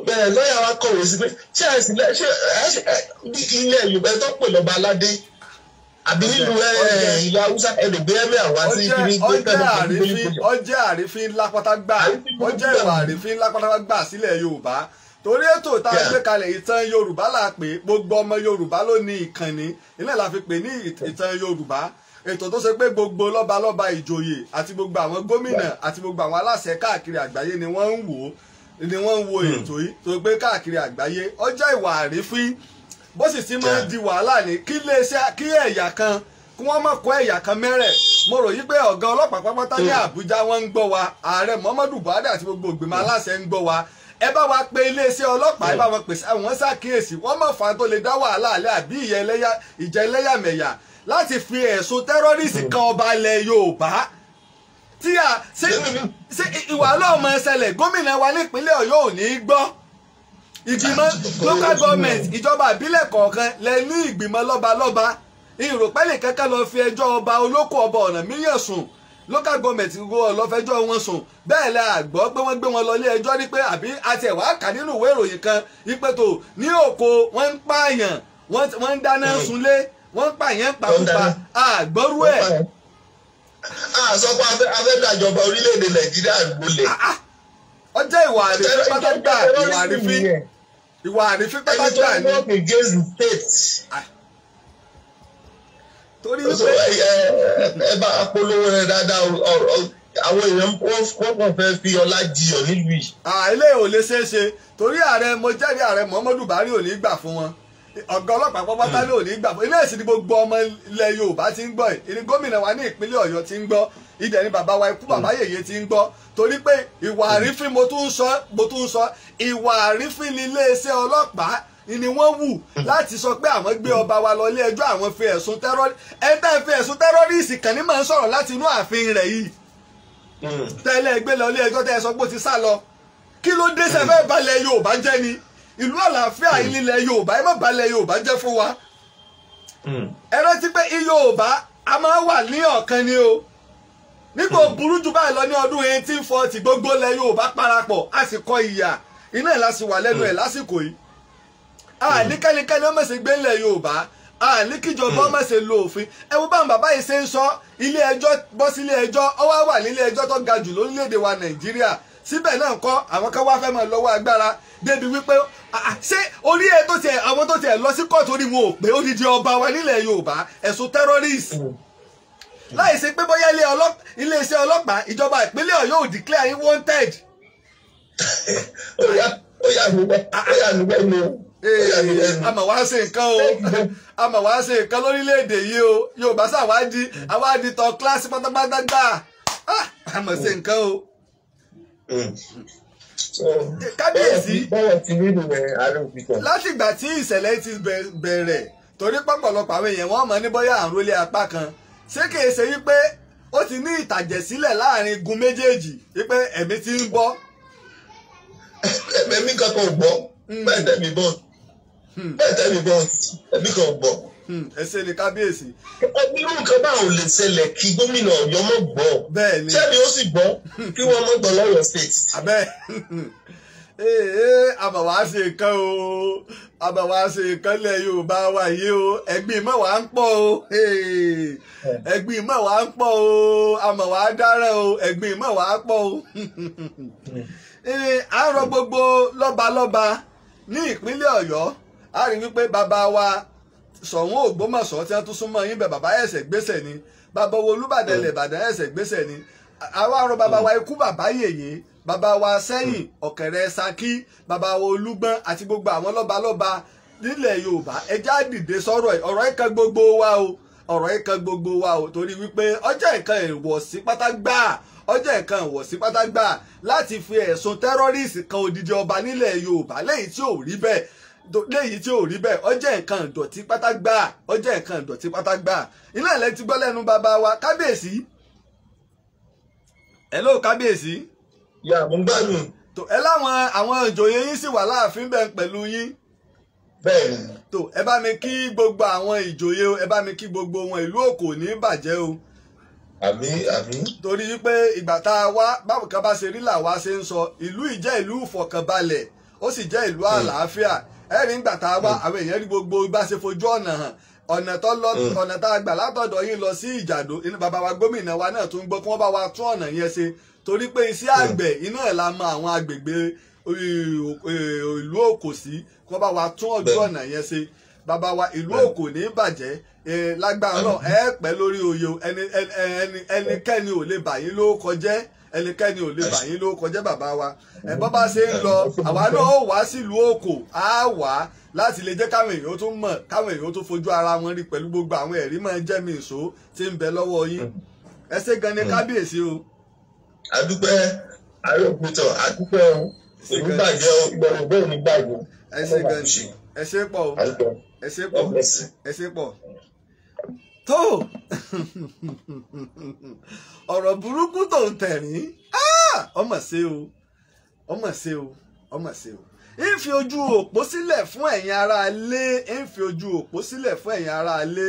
bẹ́ẹ̀ lọ́ọ̀yà wa kọ̀wé sí pé ṣé ẹ̀sìn ṣé ilẹ̀ yorùbá tó pè lọ́ba aládé àbí nínú ìyá haúsá ẹlòmí ẹmí àwọn àti ìbí gbé pẹ̀lú pẹ̀lú pẹ̀lú. ọjọ́ àrífín lápátágbà ọjọ́ ìwà àrífín lápátágbà sílẹ̀ yorùbá torí ètò tá a gbé kalẹ̀ ìtàn yorùbá là pé gbogbo ọmọ yorùbá ló ní ìkànnì ilé la fi pè ní ìtàn yorùbá ètò tó ṣe pé gbogbo lọ́balọ́ba ìjòyè àti gbogbo àwọn gómìnà àti gbogbo àwọn aláṣẹ káàkiri àgbáyé ni wọ́n ń wò ni wọ́n ń wo hmm. ètò yìí tó gbé káàkiri àgbáyé ọjọ́ ìwà àrífín bó sì ti máa di wàhálà ní kí iléeṣẹ́ kí ẹ̀yà kan kí wọ́n má kó ẹ̀yà kan mẹ́rẹ̀ mo rò yí pé ọ̀gá ọlọ́pàá pápátá ní hmm. àbújá wọ́n ń gbọ́ wa ààrẹ muhammadu buhari àti gbogbo ògbìmọ̀ hmm. aláṣẹ ń gbọ́ wa ẹ bá wa pe iléeṣẹ́ ọlọ́pàá ẹ bá wọn pèsè àwọn ṣàkíyèsí wọ́n mọ̀ fan tó lè dá wàhálà alẹ́ àbí ìjà ẹlẹ́yàmẹ̀yà láti fi ẹ̀sùn tẹ́rọ́rìsì kan ọba ilẹ̀ Yorùbá tí a ṣe ìwà lọ́ọ̀mọ ṣẹlẹ̀ gómìnà wa nípínlẹ̀ Ọ̀yọ́ ò ní í gbọ́ ìgbìmọ̀ local government ìjọba ìbílẹ̀ kọ̀ọ̀kan lẹ ní ìgbìmọ̀ lọ́balọ́ba ìròpẹ́lẹ̀ kankan lọ fi ẹjọ́ ọba olóko ọba ọ̀nà mílíọ̀n local government wo ọlọ́fẹ́jọ́ wọn sùn bẹ́ẹ̀ la gbọ́ pé wọ́n gbé wọn lọ ilé ẹjọ́ ní pé àbí àti ẹ̀wà kà nínú ìwé ìròyìn kan ìpètò ní òkò hmm. wọ́n ń pààyàn wọ́n ń dáná sunlé wọ́n ń pààyàn pàkúpa àgbọ́rú ẹ̀. a sọ pé abẹ́dàjọba orílẹ̀-èdè nàìjíríà gbolẹ̀. Ah, ah. ọjọ́ ìwà àrífín pátágbà ìwà àrífín ìwà àrífín pátágbà ni. ẹni tó ń torí wípé. ẹ bá polówó rẹ dáadáa àwọn èèyàn wọn kàn fẹ́ fi ọlá jiyàn nílùú yìí. eléyìí ò lè ṣeé ṣe torí ààrẹ mo jẹ́rìí ààrẹ Muhammadu Buhari ò ní gbà fún wọn ọ̀gá ọlọ́pàá pápátá ló ní gbà ilé ìsìn ni gbogbo ọmọ ilẹ̀ Yorùbá ti ń gbọ́ ẹ̀ ìní gómìnà wa ní ìpínlẹ̀ Ọ̀yọ́ ti ń gbọ́ ibẹ̀ ni bàbá wa ikú hmm. bàbá yèyé ti ń gbọ́ torí pé ìwà hmm. àrífín mo tún ń sọ ìwà àrífín ni iléeṣẹ́ ọlọ́pàá ni wọ́n wù láti sọ pé àwọn gbé ọba wa lọ ilé ẹjọ́ àwọn fi ẹ̀sùn tẹ́rọ́rì ẹ̀ńtà fi ẹ̀sùn tẹ́rọ́rìsì kan ní màá sọ̀rọ̀ láti inú ààfin rẹ̀ yìí hmm. tẹ́lẹ̀ gbé lọ ilé ẹjọ́ tẹ́ ẹ sọ pé ó ti sá lọ kí ló dé sẹ́fẹ́ balẹ̀ Yorùbá jẹ́ ni ìlú àlàáfíà hmm. ilẹ̀ Yorùbá ẹ má balẹ̀ Yorùbá jẹ́ fún wa hmm. ẹ rántí pé Yorùbá a máa wà ní ọ̀kan ni o nípò burú jù báyìí lọ ní ọdún eighteen àníkẹ́nikẹ́ni wọ́n mọ̀sẹ̀ gbé ńlẹ̀ Yorùbá àníkìjọba wọ́n mọ̀sẹ̀ lo òfin ẹ wo báwọn bàbá yìí ṣe ń sọ ilé ẹjọ́ bọ́ sí ilé ẹjọ́ ó wá wà nílé ẹjọ́ tó ga jù lórílẹ̀‐èdè wa Nàìjíríà síbẹ̀ náà kọ́ àwọn kan wá fẹ́ máa lọ́wọ́ agbára débi wípé ṣé orí ẹ tó tiẹ̀ àwọn tó tiẹ̀ lọ sí kóòtù orí wọn ò pé ó dídí ọba wa nílẹ̀ Yorùbá ẹ̀sùn tẹ́rọ́rìsì láì ṣe pé bóyá iléeṣẹ́ ọlọ́pàá ìjọba ìpínlẹ̀ Ọ̀yọ́ ò declare yín wanted. ó yà ó yà nígbà ó yà nígbà ni a mà wá ṣe nǹkan o a mà wá ṣe nǹkan lórílẹ̀‐èdè yìí o yorùbá ṣàwádìí àwádìí tán kíláàsì pátápátá gbà ah, a mà ṣe nǹkan o. kábíyèsí láti ìgbà tí ìṣẹ̀lẹ̀ ti bẹ̀rẹ̀ torí pọ̀pọ̀lọpọ̀ àwọn èèyàn wọ́n mọ̀ ní bóyá àrùn ilé apá kan ṣé kìí ṣe wípé ó ti ní ìtàjẹ̀sílẹ̀ láàrin igun méjèèjì wípé ẹ̀mí ti ń bọ́. ẹ̀mí kankan ò gbọ́ hmm. bẹ́ẹ̀ dẹ́mi bọ́ọ̀. bẹ́ẹ̀ tẹ́lẹ̀ bọ́ ẹbí kan ni kábíyèsí. Eh, nǹkan bá ò lè ṣẹlẹ̀ kí gómìnà ọ̀yọ́ mọ̀ gbọ́ ó sì gbọ́ kí wọ́n mọ̀ gbọ́ state. abẹ́ (laughs) ee eh, eh, àbàwá ṣe nǹkan o ṣe nǹkan lẹ yorùbá wa yìí o mọ pọ̀ o mọ ń pọ̀ o dára o mọ o hmm. (laughs) gbogbo ní a rí wípé bàbá wa Ṣọ̀ún Ògbómọ̀ṣọ́ tí wọ́n tún súnmọ́ yín bẹ̀ bàbá ẹ̀sẹ̀ gbèsè ni bàbá wo Olúbàdàn ilẹ̀ Ìbàdàn ẹ̀sẹ̀ gbèsè ni àwa rọ bàbá wa ikú bàbá yèyé bàbá wa sẹ́yìn ọ̀kẹ́rẹ́ Ṣakí bàbá wa Olúgbọ́n àti gbogbo àwọn lọ́balọ́ba nílẹ̀ Yorùbá ẹja dìde sọ̀rọ̀ ọ̀rọ̀ ìkan gbogbo wa o ọ̀rọ̀ ìkan gbogbo wa o torí wípé ọjọ́ ìkan ìwọ̀sí pátá gbáà ọjọ́ ìkan ìwọ̀sí pátá gbáà láti fi ẹ̀sùn tẹ́rọ́rìsì kan òdìdí ọba nílẹ̀ Yorùbá lẹ́yìn tí ò rí bẹ́ẹ̀ léyìí tí ò rí bẹ́ẹ̀ ó jẹ́ nǹkan ìdọ̀tí pátágbà ó jẹ́ nǹkan ìdọ̀tí pátágbà ilé ẹ̀lẹ́ ti gbọ́ lẹ́nu bàbá wa kábíyèsí hello kábíyèsí. yà mo ń gbádùn. tó ẹ láwọn àwọn ìjòyè yín sì wà láàfin bẹ́ẹ̀ pẹ̀lú yín. bẹ́ẹ̀ni. tó ẹ bá mi kí gbogbo àwọn ìjòyè ẹ bá mi kí gbogbo wọn ìlú òkò ní bàjẹ́ o. àmín àmín. torí pé ìgbà tá a wá báwo kan bá ṣe rí làwa ṣe ń sọ ìlú ìjẹ́ ìlú ìfọ̀kànbalẹ̀ ó sì jẹ́ ìlú hmm. àlàáfíà. Mm ẹ̀rí ń gbà tá a wá hmm. àwọn èèyàn rí gbogbo bá ṣe fojú ọ̀nà hàn ọ̀nà tó lọ hmm. ọ̀nà tá a gbà látọ̀dọ̀ yín lọ sí ìjàdó inú bàbá wa gómìnà wa náà tún gbọ́ kí wọ́n bá wa tún ọ̀nà yẹn ṣe torí pé iṣẹ́ hmm. àgbẹ̀ iná ẹ̀ la mọ àwọn agbègbè e, ìlú òkò sí kí wọ́n bá wa tún ojú ọ̀nà yẹn ṣe bàbá wa ìlú òkò ní bàjẹ́ e, lágbára náà ẹ pẹ́ lórí oyè ẹnikẹ́ni ò lè bà yín ló ẹnikẹ́ni ò lè bà yín ló kọjá bàbá wa ẹ bọ́ bá ṣe ń lọ àwa náà ó wá sílùú òkò á wá láti lè jẹ́ káwọn èèyàn tó mọ̀ káwọn èèyàn tó fojú ara wọn rí pẹ̀lú gbogbo àwọn ẹ̀rí mọ̀ ẹ jẹ́ mi ìṣó tí ń bẹ lọ́wọ́ yín ẹ ṣé gan ni mm. kábíyèsí o. àdúpẹ́ àròpìtọ̀ àdúpẹ́ o èmi bàjẹ́ o ìgbọ̀rọ̀ ìgbọ̀rọ̀ mi bàjẹ́. ẹ ṣé gan ni ẹ ṣé pọ̀ ẹ ṣé pọ̀ ẹ ṣé pọ̀ tó ọ̀rọ̀ burúkú tó ń tẹ̀rín ọmọ ṣe o ọmọ ṣe o ọmọ ṣe o ń fi ojú òpó sílẹ̀ fún ẹ̀yin ará ilé ń fi ojú òpó sílẹ̀ fún ẹ̀yin ará ilé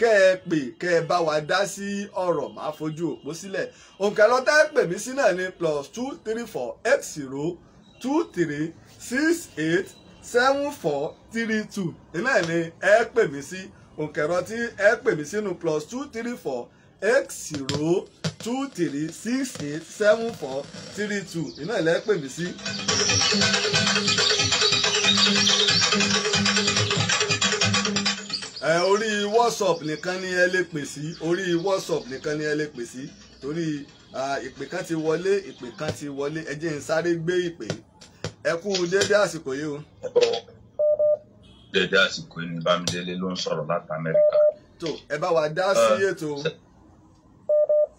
kẹ́ ẹ pè kẹ́ ẹ bá wa dá sí ọ̀rọ̀ máa fojú òpó sílẹ̀ òǹkà lọ́tà ẹ pè mí sí náà ní plus two three four eight zero two three six eight seven four three two iná ẹ̀ ni ẹ pè mí sí òǹkẹ̀rọ tí ẹ pè mí sínú plus two three four x zero two three six eight seven four three two iná ẹ̀ lẹ́ pè mí sí. ẹ orí whatsapp nìkan ni ẹ lè pè sí orí whatsapp nìkan ni ẹ lè pè sí torí ìpè kan ti wọlé ìpè kan ti wọlé ẹ jẹ́ n sáré gbé ìpè ẹ kú dédé àsìkò yìí o dédé àsìkò yìí ní Bámidélé ló ń sọ̀rọ̀ láti Amẹ́ríkà. tó ẹ bá wa dá sí ah, ètò.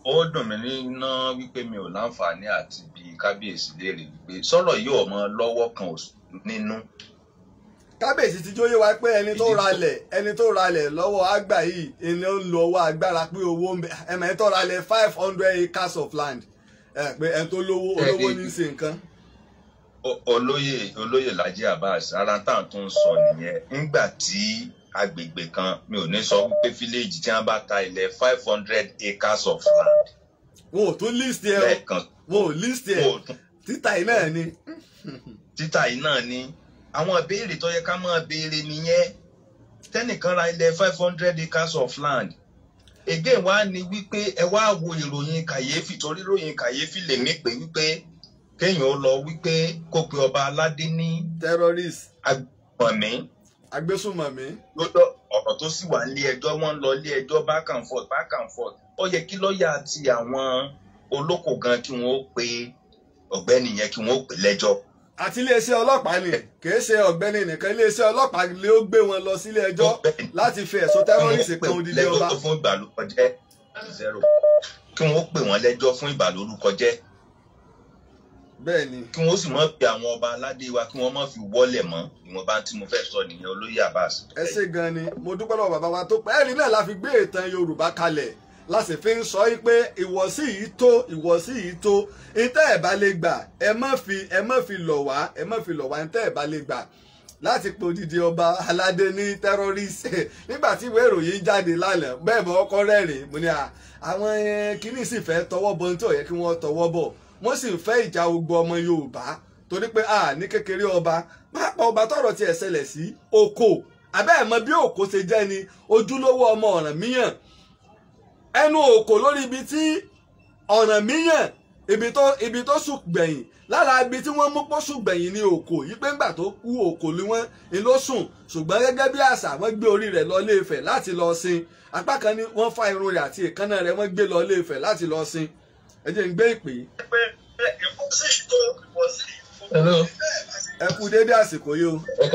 ó dùn mí níná wípé mi ò láǹfààní àti bí kábíyèsí léèrè wípé sọ̀rọ̀ yìí ọmọ lọ́wọ́ kan nínú. kábíyèsí ti jóyè wá pé ẹni tó ralẹ̀ ẹni tó ralẹ̀ lọ́wọ́ àgbà yìí ẹni ó ń lo ọwọ́ agbára pé owó ẹ̀mẹ̀ tó ralẹ̀ five hundred acres of land ẹ̀ pé ẹni tó lówó olówó ní í ṣe nǹkan olóyè olóyè Laji Abbas ara tá à ń tún sọ nìyẹn nígbà tí agbègbè kan mi ò ní sọ wípé fíléèjì tí wọn bá ta ilẹ̀ five hundred acres of land. wọn ò tún list yẹ wọn ò list yẹ títà yìí náà ni. títà yìí náà ni àwọn ìbéèrè tó yẹ ká máa béèrè nìyẹn tẹnìkan ra ilẹ̀ five hundred acres of land again wá ní wípé ẹ wá wo ìròyìn kàyéfì torí ìròyìn kàyéfì lè ní pé wípé kéèyàn ó lọ wípé kó pe ọba aládé ní. terrorist. agbọ̀nmí. agbésùnmọ̀mí. lọ́dọ̀ ọ̀rọ̀ tó sì wà nílé ẹjọ́ wọ́n lọ ilé ẹjọ́ back and forth back and forth ó yẹ kí lọ́ọ̀yà àti àwọn olóko gan kí wọ́n pe ọ̀gbẹ́ni yẹn kí wọ́n pè lẹ́jọ́. àti iléeṣẹ́ ọlọ́pàá ni kì í ṣe ọ̀gbẹ́ni nìkan iléeṣẹ́ ọlọ́pàá ló gbé wọn lọ sílé ẹjọ́ láti fi ẹ̀sùn terrorist kan odidi ọba. lẹ́jọ́ tó fún ìbàlúkọjẹ́ zero kí wọ́n pè wọ́n lẹ́jọ́ fún ìbàlúkọjẹ́ bẹ́ẹ̀ni kí wọn sì mọ pé àwọn ọba aládé wa kí wọn mọ fi wọlé mọ ìwọ̀nba tí mo fẹ́ sọ nìyẹn olóyè Abbas. ẹ ṣe gan ni mo dúpẹ́ lọ́wọ́ bàbá wa tó pẹ́ ẹ̀rí náà la fi gbé ìtàn Yorùbá kalẹ̀ láti fi ń sọ pé ìwọ̀sí yìí tó ìwọ̀sí yìí tó ìtẹ́ ẹ̀ bá lè gbà ẹ má fi ẹ má fi lọ̀ wá ẹ má fi lọ̀ wá ìtẹ́ ẹ̀ bá lè gbà láti pe odidi ọba aládé ní tẹ́rọ́rìsì (laughs) nígbà tí ìwé ìròyìn jáde lánàá bẹ́ẹ̀ mọ́ ọkọ rẹ́rìn-ín mo ní àwọn kìnnìsì fẹ́ tọwọ́ bọ̀ ní tí ò yẹ kí wọ́n tọwọ́ bọ̀ wọ́n sì ń fẹ́ ìjà ogbó ọmọ Yorùbá torí pé a ní kékeré ọba pápá ọba tọ̀rọ̀ tiẹ̀ ṣẹlẹ̀ sí oko abẹ́ ẹ̀ mọ bí oko ṣe jẹ́ ni ojúlówó ọmọ Ọ̀rànmíyàn ẹnu oko lórí ibi tí Ọ̀rànmíyàn ibi tó ibi tó sùn gbẹ̀yìn lára ibi tí wọ́n mú pọ́ sùn gbẹ̀yìn ní òkò yìí pé ńgbà tó kú òkò ni wọ́n ń ló sùn ṣùgbọ́n gẹ́gẹ́ bí àṣà wọ́n gbé orí rẹ̀ lọ Ilé-Ifẹ̀ láti lọ sin apá kan ni wọ́n fa irun rẹ̀ àti ìkànnà rẹ̀ wọ́n gbé lọ Ilé-Ifẹ̀ láti lọ sin ẹ jẹ́ n gbé ìpè. ẹ kú dédé àsìkò yìí o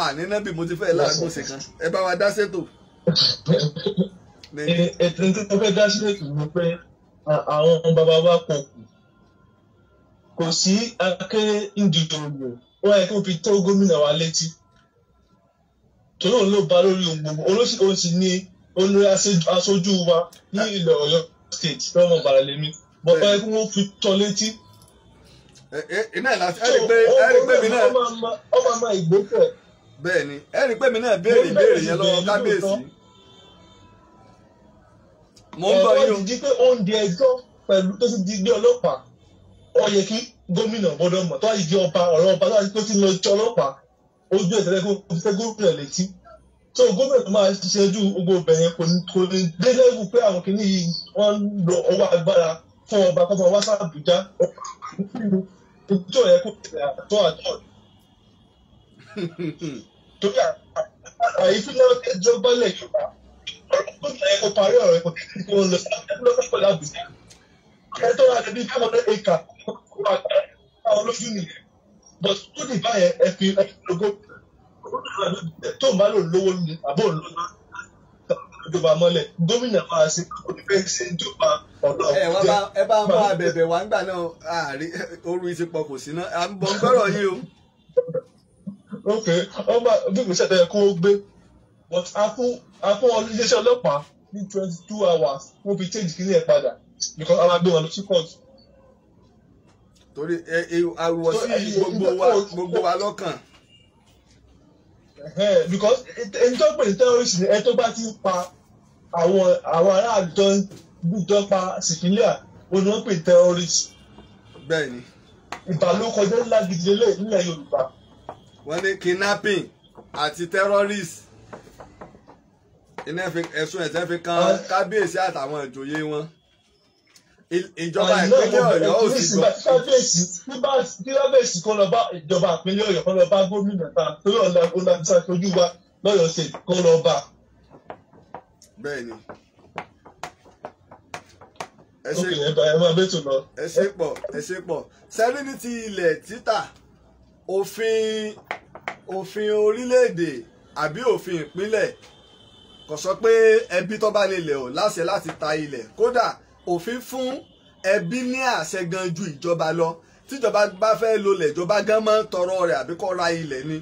à nínú bí mo ti fẹ́ láàgùn sí kan ẹ bá wa dá ṣètò. ètò (laughs) tí mo fẹ́ dá ṣètò ni pé àwọn bàbá wa kò kù kò sí akéré ndìdòrò wọn yẹ kí wọn fi tó gómìnà wa létí torí òun ló bá lórí ohun gbogbo olóṣèlú sì ni olórí aṣojú wa ní ilẹ̀ Ọ̀yọ́ state lọ́mọ bàrà lèmi bọ̀bá ikú wọn fi tán létí. iná ìlàsí ẹ rí pé ẹ rí pé mi náà. ọmọ ọmọ ìgbésẹ̀. bẹ́ẹ̀ni ẹ rí pé mi náà béèrè ìbéèrè yẹn lọ́wọ́ kábíyèsí. mo ń bọ yín o. ìdí pé ó ń di ẹjọ́ pẹ̀lú tó ti di ilé ọlọ́pàá ó yẹ kí gómìnà gbọ́dọ̀ mọ̀ tó wá di ọba ọ̀rọ̀ ọba tó ti lọ jọ ọlọ́pàá ojú ẹ̀sẹ̀ gómìnà létí so gómìnà tó máa ṣiṣẹ́ ju gbogbo obìnrin kò ní dé lẹ́wù pé àwọn kìnnìyí wọ́n ń lo ọwọ́ agbára kọ́ ọba kọ́ ọba wá sàbújá ojú ọ̀yẹ́ kò tẹ̀lé àtọ́ àtọ́ torí àyè fún náà ẹjọ́ gbọ́lẹ̀ Yorùbá ọ̀rọ̀ tó tẹ̀lé kò parí ọ̀rọ̀ ẹ̀kọ́ kí wọ́n lọ sí ẹgbẹ́ pẹ̀lú àbújá ẹ̀tọ́ àti bíi káwọn náà ẹ̀ka kó wà káwọn lójú nìyẹn but tó ní báyẹn ẹ fi ẹ fi lógo tó ń bá lò lówó ni àbó ń náà ìjọba mọ́lẹ̀ gómìnà máa ṣe kò ní fẹ́ẹ́ ṣe ìjọba ọ̀dọ́ àbújá. ẹ bá bá abẹ̀bẹ̀ wá ńgbà náà ààrẹ ti pọ̀ kò sí náà à ń bọ̀ ń gbọ́rọ̀ yìí o. ok wọn bá gbígbé iṣẹ́ kó o gbé but a fún a fún iléeṣẹ́ ọlọ́pàá ní twenty two hours wọ́n fi change kíní ẹ̀ padà because a máa gbé wọn lọ sí court. torí ariwo sí gbogbo wa lọ́kàn because ẹni tó pè ní terrorist ni ẹni tó bá ti ń pa àwọn àwọn aráàlú tó ń tó ń pa sìkìlíà òun ni wọ́n pè ní terrorist. bẹ́ẹ̀ni. ìbálòkọjá ńlá gidi lélẹ̀ nílẹ̀ Yorùbá. wọ́n ní kidnapping àti terrorist iná ẹ̀sùn ẹ̀sẹ̀ fi kan kábíyèsí àtàwọn ìjòyè wọn ìjọba ìpínlẹ̀ ọ̀yọ́ ò sì gbọ́. kílábẹ̀sì kan lọ bá ìjọba ìpínlẹ̀ ọ̀yọ́ kan lọ bá gómìnà ta torí ọ̀la ọ̀làǹtà tójú wa lọ́yọ̀ ṣe kan lọ bá. bẹ́ẹ̀ni ẹ ṣe ẹ ṣe pọ̀ ẹ ṣe pọ̀ sẹ́rí ní ti ilẹ̀ títà òfin òfin orílẹ̀-èdè àbí òfin ìpínlẹ̀ kò sọ pé ẹbí tó bá lè lẹ̀ ọ́ láṣẹ láti ta ilẹ̀ kódà òfin fún ẹbí ní àṣẹ gan ju ìjọba lọ tíjọba bá fẹ́ lolẹ̀ ìjọba gan máa ń tọrọ rẹ̀ àbí kọ́ ra ilẹ̀ ni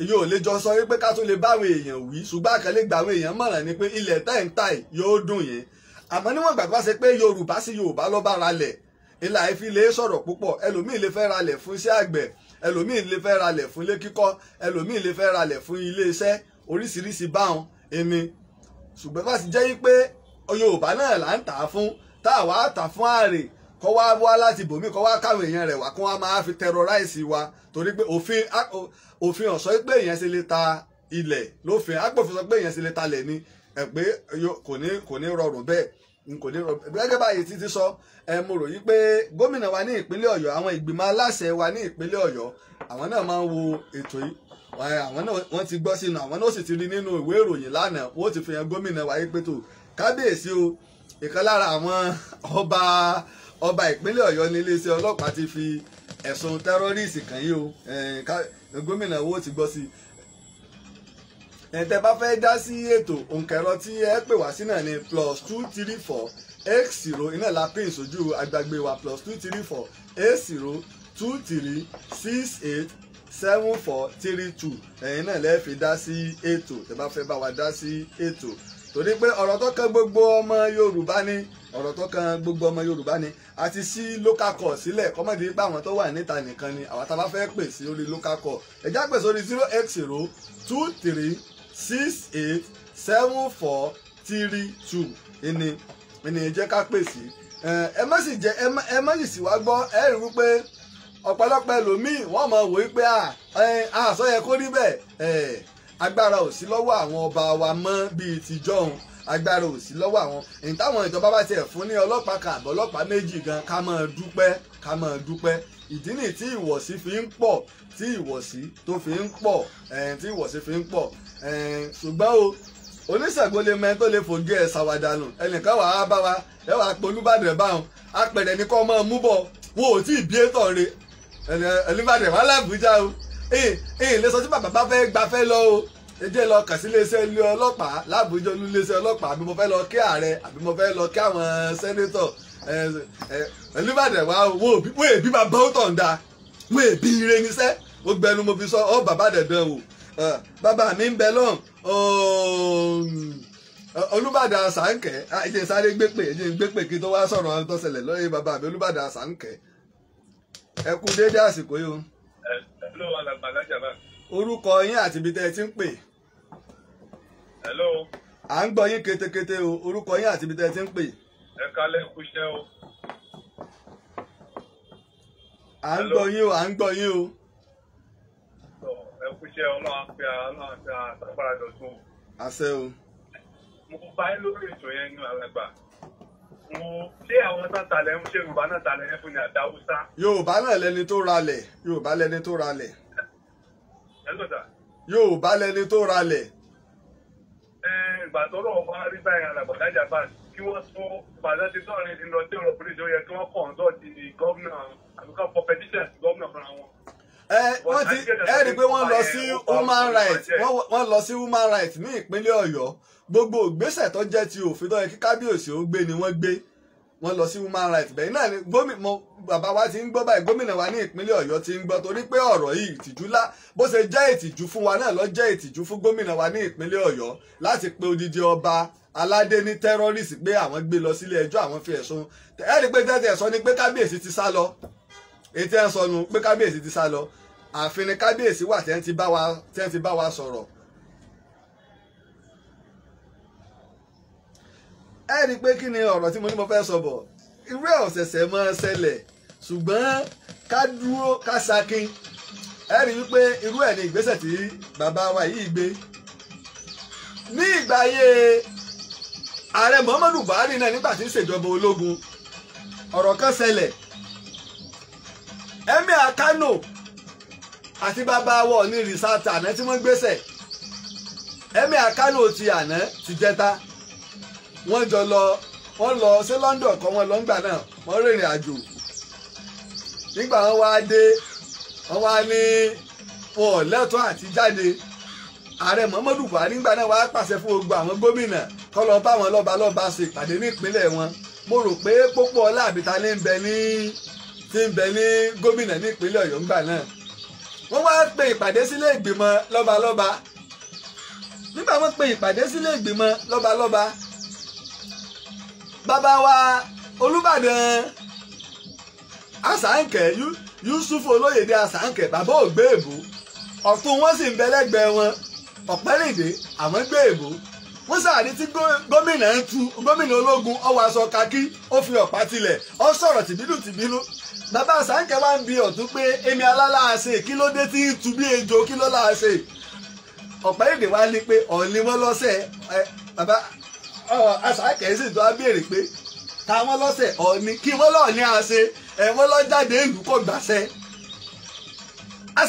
èyí ò lè jọ sọ wípé ká tó lè bá àwọn èèyàn wí ṣùgbọ́n àkàlẹ́ gba àwọn èèyàn mọ̀ràn ni pé ilẹ̀ tẹ́ǹtà yóò dùn yẹn àmọ́ níwọ̀n ìgbà tó bá ṣe pé yorùbá sí yorùbá ló bá ralẹ̀ ilà ìfi lè sọ̀rọ̀ púpọ̀ ẹlòmíì lè fẹ́ ralẹ̀ fún iṣẹ́ àgbẹ̀ ẹlòmíì lè fẹ́ ralẹ̀ fún ilé kíkọ́ ẹlòmíì lè fẹ́ ralẹ̀ fún ilé iṣẹ́ oríṣiríṣi báwọn ẹni ṣùgbọ́n bá ti jẹ́ yí pé yorùbá náà là ń tà á fún tá a wá tà fún àrè kọ́ wá wá láti bòmí kọ́ wá káwọn èèyàn rẹ̀ wá kó wá máa fi tẹrọráìsì wa torí pé òfin òfin ọ̀sọ́ pé èèyàn ṣe lè ta ilẹ̀ lófin agbófin sọ pé èèyàn ṣe lè talẹ̀ ni ẹ̀ pé kò ní kò ní rọrùn bẹ́ẹ̀ kò ní rọrùn gẹ́gẹ́ báyìí títí sọ ẹ mo rò yí pé gómìnà wa ní ìpínlẹ̀ ọ̀yọ́ àwọn ìgbìmọ̀ aláṣẹ wa ní ìpínlẹ̀ ọ̀yọ́ àwọn náà máa ń wo ètò yìí àwọn náà wọ́n ti gbọ́ sínú àwọn náà sì ti rí nínú ìwé ìròyìn lánàá wọ́n ti fi hàn gómìnà wa yí pé tó kábíyèsí o ìkan lára àwọn ọba ọba ìpínlẹ̀ ọ̀yọ́ ní iléeṣẹ́ ọlọ́pàá ti fi ẹ̀sùn tẹ́rọ́rìsì kàn yí o gómìnà owó ti gbọ́ sí i ẹ̀tẹ́ bá fẹ́ dá sí ètò òǹkẹ̀rọ tí ẹ pè wá sí náà ni plus two three four x zero iná la pín ìṣojú agbègbè wa plus two three four eight zero two three six eight seven four three two ẹ̀yin náà lẹ́ẹ̀ fi dá sí ètò tẹ́ bá fẹ́ bá wa dá sí ètò torí pé ọ̀rọ̀ tó kan gbogbo ọmọ Yorùbá ni ọ̀rọ̀ tó kan gbogbo ọmọ Yorùbá ni a ti ṣí local call sílẹ̀ kọ́mọ̀dé pé àwọn tó wà níta nìkan ni àwọn táwa fẹ́ pè sí orí local call ẹ̀já pè sórí zero eight zero two three six eight seven four three two ìní ìní jẹ́ ká pè sí ẹ má sì jẹ́ ẹ má sì sì wá gbọ́ ẹ rí wípé ọ̀pọ̀lọpọ̀ ẹlòmíì wọ́n mọ̀ wò wípé à àṣọ yẹ kó rí bẹ́ẹ̀ agbára ò sí lọ́wọ́ àwọn ọba wa mọ́ bíi tijọ́hun agbára ò sí lọ́wọ́ àwọn èyí táwọn ìjọba bá tiẹ̀ fún ní ọlọ́pàá kan ọlọ́pàá méjì gan ká máa dúpẹ́ ká máa dúpẹ́ ìdí nì tí ìwọ̀sí fi ń pọ̀ tí ìwọ̀sí tó fi ń pọ̀ tí ìwọ̀sí fi ń pọ̀ ṣùgbọ́n o oníṣègùn mẹ́ tó lè fògé ẹ̀ ṣàwádànù ẹnìkan wàá bá wa ẹ wàá polúbàdàn báwọn apẹ̀rẹ̀ ní kọ́ máa mú bọ̀ wọn ò tí ì bí ètò rẹ̀ ẹnìbàdàn wà lábújá ẹ̀yìn eh, eh, lè sọ tí bàbá bá fẹ́ gbafẹ́ lọ o ẹjẹ́ lọ si sí ilé ọlọ́pàá lábújọ́ ní iléeṣẹ́ àbí mo fẹ́ lọ kí ààrẹ àbí mo fẹ́ lọ kí àwọn sẹ́nétọ̀ wa wo èbí máa èbí ire níṣẹ́ gbẹnu mo fi sọ ọ bàbá dẹ̀dẹ̀ o bàbá mi ń bẹ lọ́n sáré Orúkọ yín àti ibi tẹ́ ẹ ti ń À ń gbọ́ yín ketekete o, orúkọ yín àti ibi tẹ́ ẹ ti o. À ń gbọ́ yín o, à ń gbọ́ o. Ẹ kú iṣẹ́ àti Àṣẹ o. Mo ṣé àwọn tá talẹ̀ ń ṣe yorùbá náà talẹ̀ ń fún ni yorùbá náà lẹni tó ralẹ̀ yorùbá lẹni tó ralẹ̀. yorùbá lẹni tó ralẹ̀. ìgbà tó rọ̀ wá rí báyìí alàgbàdájà bá kí wọ́n tó bàtà ti tọ́rin ti lọ sí ọ̀rọ̀ pólíṣì yẹ kí wọ́n kàn sọ́ọ̀tì gómìnà àbíkọ́ pọ̀ pẹ́tíṣẹ̀ gómìnà fúnra wọn wọ́n ti ẹ rí i pé wọ́n lọ sí human rights wọ́n lọ sí human rights ní ìpínlẹ̀ ọ̀yọ́ gbogbo ìgbésẹ̀ tó jẹ́ ti òfin tó yẹ kí kábíyèsí ó gbé ni wọ́n gbé wọ́n lọ sí human rights bẹ́ẹ̀ náà ni gómìnà bàbá wa ti ń gbọ́ báyìí gómìnà wa ní ìpínlẹ̀ ọ̀yọ́ ti ń gbọ́ torí pé ọ̀rọ̀ yìí ìtìjú lá bó ṣe jẹ́ ìtìjú fún wa náà lọ jẹ́ ìtìjú fún gómìnà wa ní ìpínlẹ̀ ọ̀yọ́ láti pe odidi ọba aládé ní terrorist pé àwọn gbé lọ sílé ẹjọ́ àwọn fi ẹ̀sùn ẹ̀rí pé tẹ́tẹ̀ sọ ni pé kábíyèsí ti sá lọ etí ẹ̀ ń sọnù pé kábíyèsí ti sá lọ àfin ni kábíyèsí wà tẹ́ ń ti bá wa tẹ́ ń fi bá wa sọ̀rọ̀ ẹ rí i pé kí ni ọ̀rọ̀ tí mo ní mo fẹ́ sọ bọ̀ irú ẹ̀ ọ̀sẹ̀sẹ̀ máa ṣẹlẹ̀ ṣùgbọ́n ká dúró ká sakin ẹ rí i wípé irú ẹ̀ ni ìgbésẹ̀ tí bàbá wa yìí gbé ní ìgbà ayé ààrẹ Muhammadu Buhari náà nígbà tí ń ṣèjọba ológun ọ̀rọ̀ kan ṣẹlẹ̀ emir Kano àti bàbá wọ ní rìsáàtì àná tí wọ́n gbéṣẹ̀ emir Kano ti àná ti jẹta wọ́n jọ lọ wọ́n lọ sí London kọ́ wọn lọ́ngbà náà wọ́n rìnrìn àjò nígbà wọ́n wá dé wọ́n wá ní wọn ò lẹ́tọ̀ọ́ àti jáde ààrẹ Muhammadu Buhari nígbà náà wàá pàṣẹ fún gbogbo àwọn gómìnà kọ́ lọ bá wọn lọ́balọ́ba ṣèpàdé nípínlẹ̀ wọn mo rò pé pópó ọlá àbíta ní bẹ ní tí ń bẹ ní gómìnà ní ìpínlẹ̀ ọ̀yọ́ ńgbà náà wọ́n wá pe ìpàdé sílé ìgbìmọ̀ lọ́balọ́ba nígbà wọ́n pe ìpàdé sílé ìgbìmọ̀ lọ́balọ́ba bàbá wa olùbàdàn àsàǹkẹ́ yusuf olóyèdè àsàǹkẹ́ bàbá ògbéèbó ọ̀tún wọn sì ń bẹ lẹ́gbẹ̀ẹ́ wọn ọ̀pẹ́rìndé àwọn gbéèbó wọ́n sàrí tí gómìnà ń tu gómìnà ológun ọwọ́ aṣọ kakí ó fi ọ̀pá tilẹ̀ ó sọ̀rọ̀ tìbínú tìbínú bàbá Sáńkẹ́ wá ń bi ọ̀tún pé èmi aláláàṣe kí ló dé tí ń tu bí ejò kí ló láàṣe ọ̀pá èdè wá ní pé ọ̀ọ́ni wọ́n lọ́sẹ̀ bàbá Sáńkẹ́ sì tó á béèrè pé ta wọ́n lọ́sẹ̀ ọ̀ọ́ni kí wọ́n lọ́ọ̀ ní àṣe ẹ̀ wọ́n lọ́ jáde ìlú kò gbàṣẹ́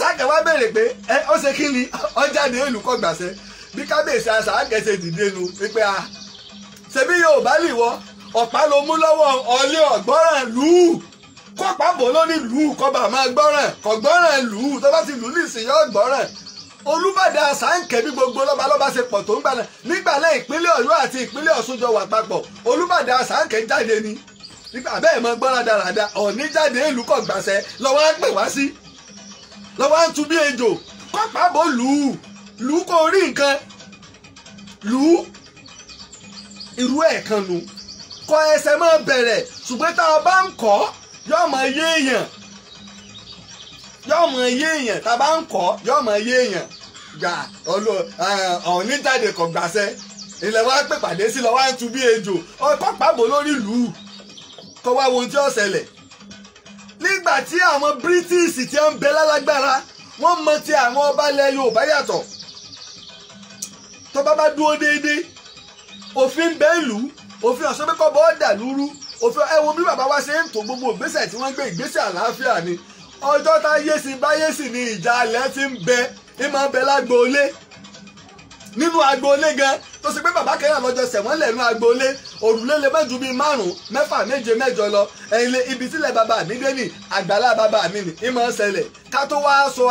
Sáńkẹ́ wá béèrè pé ẹ ó ṣe kí ni ó jáde ìlú kò gbàṣẹ́ bí kábíyèsí àṣàǹkẹ́ ṣe dìde nu wípé a ṣebí yóò bá lì wọ ọ̀pá ló mú lọ́wọ́ ọlé ọ̀gbọ́ràn lù ú kọ́pá bò ló ní lù ú kọ́ba máa gbọ́ràn kọ́ gbọ́ràn lù ú tó bá ti lù ú nìsín yóò gbọ́ràn olúbàdàn àṣàǹkẹ́ bí gbogbo lọ́balọ́ba ṣe pọ̀ tó ń gbalẹ̀ nígbà náà ìpínlẹ̀ ọ̀yọ́ àti ìpínlẹ̀ ọ̀ṣun jọ wà papọ̀ olúbàdàn àṣàǹkẹ́ jáde ni abẹ́ ẹ̀ mọ gbọ́ra dáradá ọ̀ní jáde ìlú kọ̀ gbàṣẹ lọ́wọ́ á pè wá sí lọ́wọ́ á tu bí ejò kọ́pá lù ú lù ú kó rí nǹkan lù ú irú ẹ̀ kan nu kọ ẹsẹ̀ máa bẹ̀rẹ̀ ṣùgbọ́n tá a bá ń kọ́ yóò mọ iye èèyàn yóò mọ iye èèyàn tá a bá ń kọ́ yóò mọ iye èèyàn gbà ọlọ ọ̀hún níjàde kọ̀ gbàṣẹ́ ilẹ̀ wa pè pàdé sí lọ́wọ́ à ń tu bí ejò ọkọ̀ pàbò lórí lù ú kọ́ wá wo ohun tí ó ṣẹlẹ̀ nígbà tí àwọn British ti ń bẹ lálágbára wọ́n mọ ti àwọn ọba ilẹ̀ Yorùbá yàtọ̀ tọ́ba bá dúró déédéé òfin bẹ́ẹ̀lú òfin àsọpẹ́kọ̀ bọ́ dàlúrú òfin ẹ wo bí bàbá wa ṣe ń tó gbogbo ìgbésẹ̀ tí wọ́n gbé ìgbésẹ̀ àlàáfíà ni ọjọ́ tá yé sí báyé sí ni ìjà alẹ́ ti ń bẹ ní máa ń bẹ lágboolé nínú agboolé gan tó ṣe pé bàbá kẹyà lọ́jọ́ sẹ̀wọ́n lẹ́nu agboolé òrùlé lè mẹ́jù bíi márùn-ún mẹ́fà méje mẹ́jọ lọ ẹ̀yìn lé ibi sílẹ̀ bàbá mi dé ní àgbàlá bàbá mi ní ìmọ̀ ṣẹlẹ̀ ká tó wá sọ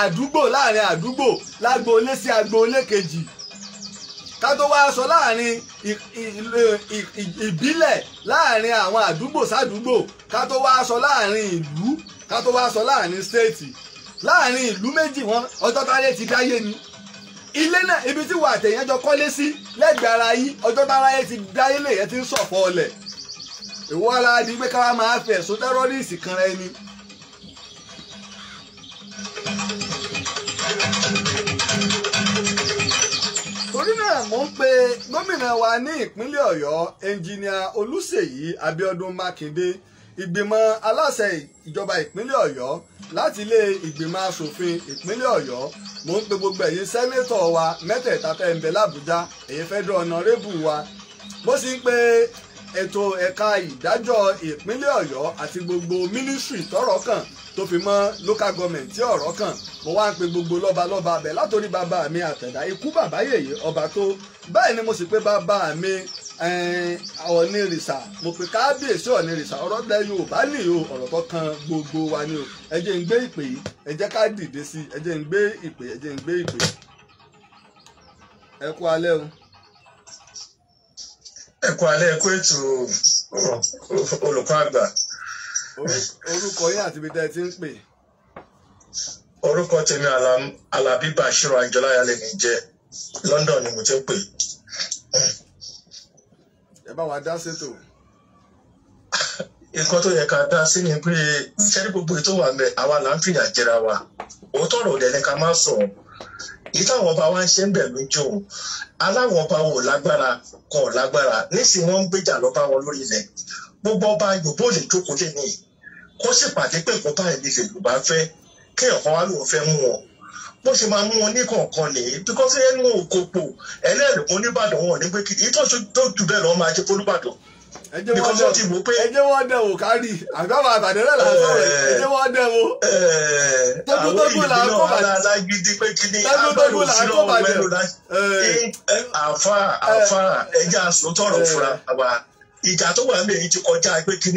àdúgbò láàrin àdúgbò lágboolé sí agboolé kejì ká tó wá sọ láàrin ìbílẹ̀ láàrin àwọn àdúgbò sádúgbò ká tó wá sọ láàrin ìlú ká tó wá sọ láàrin stéètì láàrin ìlú méjì wọn ọjọ́ táyé ti dáyé ni ilé náà ibi tí wà àtẹ̀yẹn jọ kọ́lé sí lẹ́gbẹ̀ẹ́ ara yìí ọjọ́ táyé ti dáyé lèyẹn ti ń ṣọ̀fọ̀ ọlẹ̀ ìwọ́ra di pé ká máa fẹ̀sùn tẹ́rọ́rìsì kan rẹ torí náà mò ń pe gómìnà wa ní ìpínlẹ̀ ọ̀yọ́ ẹnjìníà olúṣèyí abíọ́dún mákindé ìgbìmọ̀ aláṣẹ ìjọba ìpínlẹ̀ ọ̀yọ́ láti ilé ìgbìmọ̀ asòfin ìpínlẹ̀ ọ̀yọ́ mò ń pe gbogbo ẹ̀yin sẹ́nẹ́tọ̀ wa mẹ́tẹ̀ẹ̀ta fẹ́ ń bẹ lábújá èyí fẹ́ dún ọ̀nàrẹ́bù wa bó sì ń pe ètò ẹ̀ka ìdájọ́ ìpínlẹ̀ ọ̀yọ́ àti gbogbo mínísírì tọ́rọ̀ kàn tó fi mọ́ local government tí ọ̀rọ̀ kàn mo wá ń pe gbogbo lọ́balọ́ba abẹ látòrí bàbá mi àtẹ̀dá ikú bàbá yèyé ọba tó bẹ́ẹ̀ ni mo sì pé bàbá mi ọ̀nìrìsà eh, mo pe kábíyèsí ọ̀nìrìsà ọ̀rọ̀ lẹ yorùbá nìyí o ọ̀rọ̀ tó kan gbogbo wa ni o ẹ jẹ́ ń gbé ìpè yìí ẹ jẹ́ ká dìde sí i ń gbé ìpè ẹ ń gbé ìpè ẹ kú alẹ́ o. ẹ̀kọ́ alẹ́ ètò olùkọ́ àgbà. orúkọ yín àti ibi ẹ ti ń pè. orúkọ tèmi Alábí jẹ. London ni mo ti ń pè. ẹ bá wa dá nǹkan tó yẹ ká dá sí ni pé gbogbo ètò mẹ́ àwa là ń fìyà jẹra wa òótọ́ ọ̀rọ̀ ni ká má sọ̀rọ̀. èyí ọba wa ń ṣe ń bẹ̀ lójú òun aláwọn ọba wọn ò lágbára kan ò lágbára nísìnyí wọ́n ń gbéjà lọ́ba wọn lórí ilẹ̀ gbogbo ọba yòóbó lè jókòó lé ní kó sì pàdé pé nǹkan báyìí ní yorùbá fẹ́ kí ọ̀kan wá lòun fẹ́ mú wọn bó ṣe máa mú wọn ní kọ̀ọ̀kan nìyí bíkọ́sí ẹnu òkòpò ẹlẹ́rìí oníbàdàn wọn ò ìtọ́jú bẹ́ẹ̀ lọ́ máa jẹ́ fólúbàdàn because ó ti mú pé. ẹ jẹ́ wọ́n dẹ̀ wò kárì àgbàwọ̀ àtàdẹ́rẹ́ là ń sọ̀rọ̀ eh, ẹ jẹ́ wọ́n dẹ̀ wò. tọ́gbọ́tọ́gbọ́ là ń kọ́ bàjẹ́. alágídí pé kí ni agbọ́dọ̀ sí ọ̀hún mẹ́lò láti. àfa eh, eh, àfa ẹja sòtọ̀rọ̀ fúnra wa ìjà tó wà ń bẹ̀ yìí ti kọjá pé kí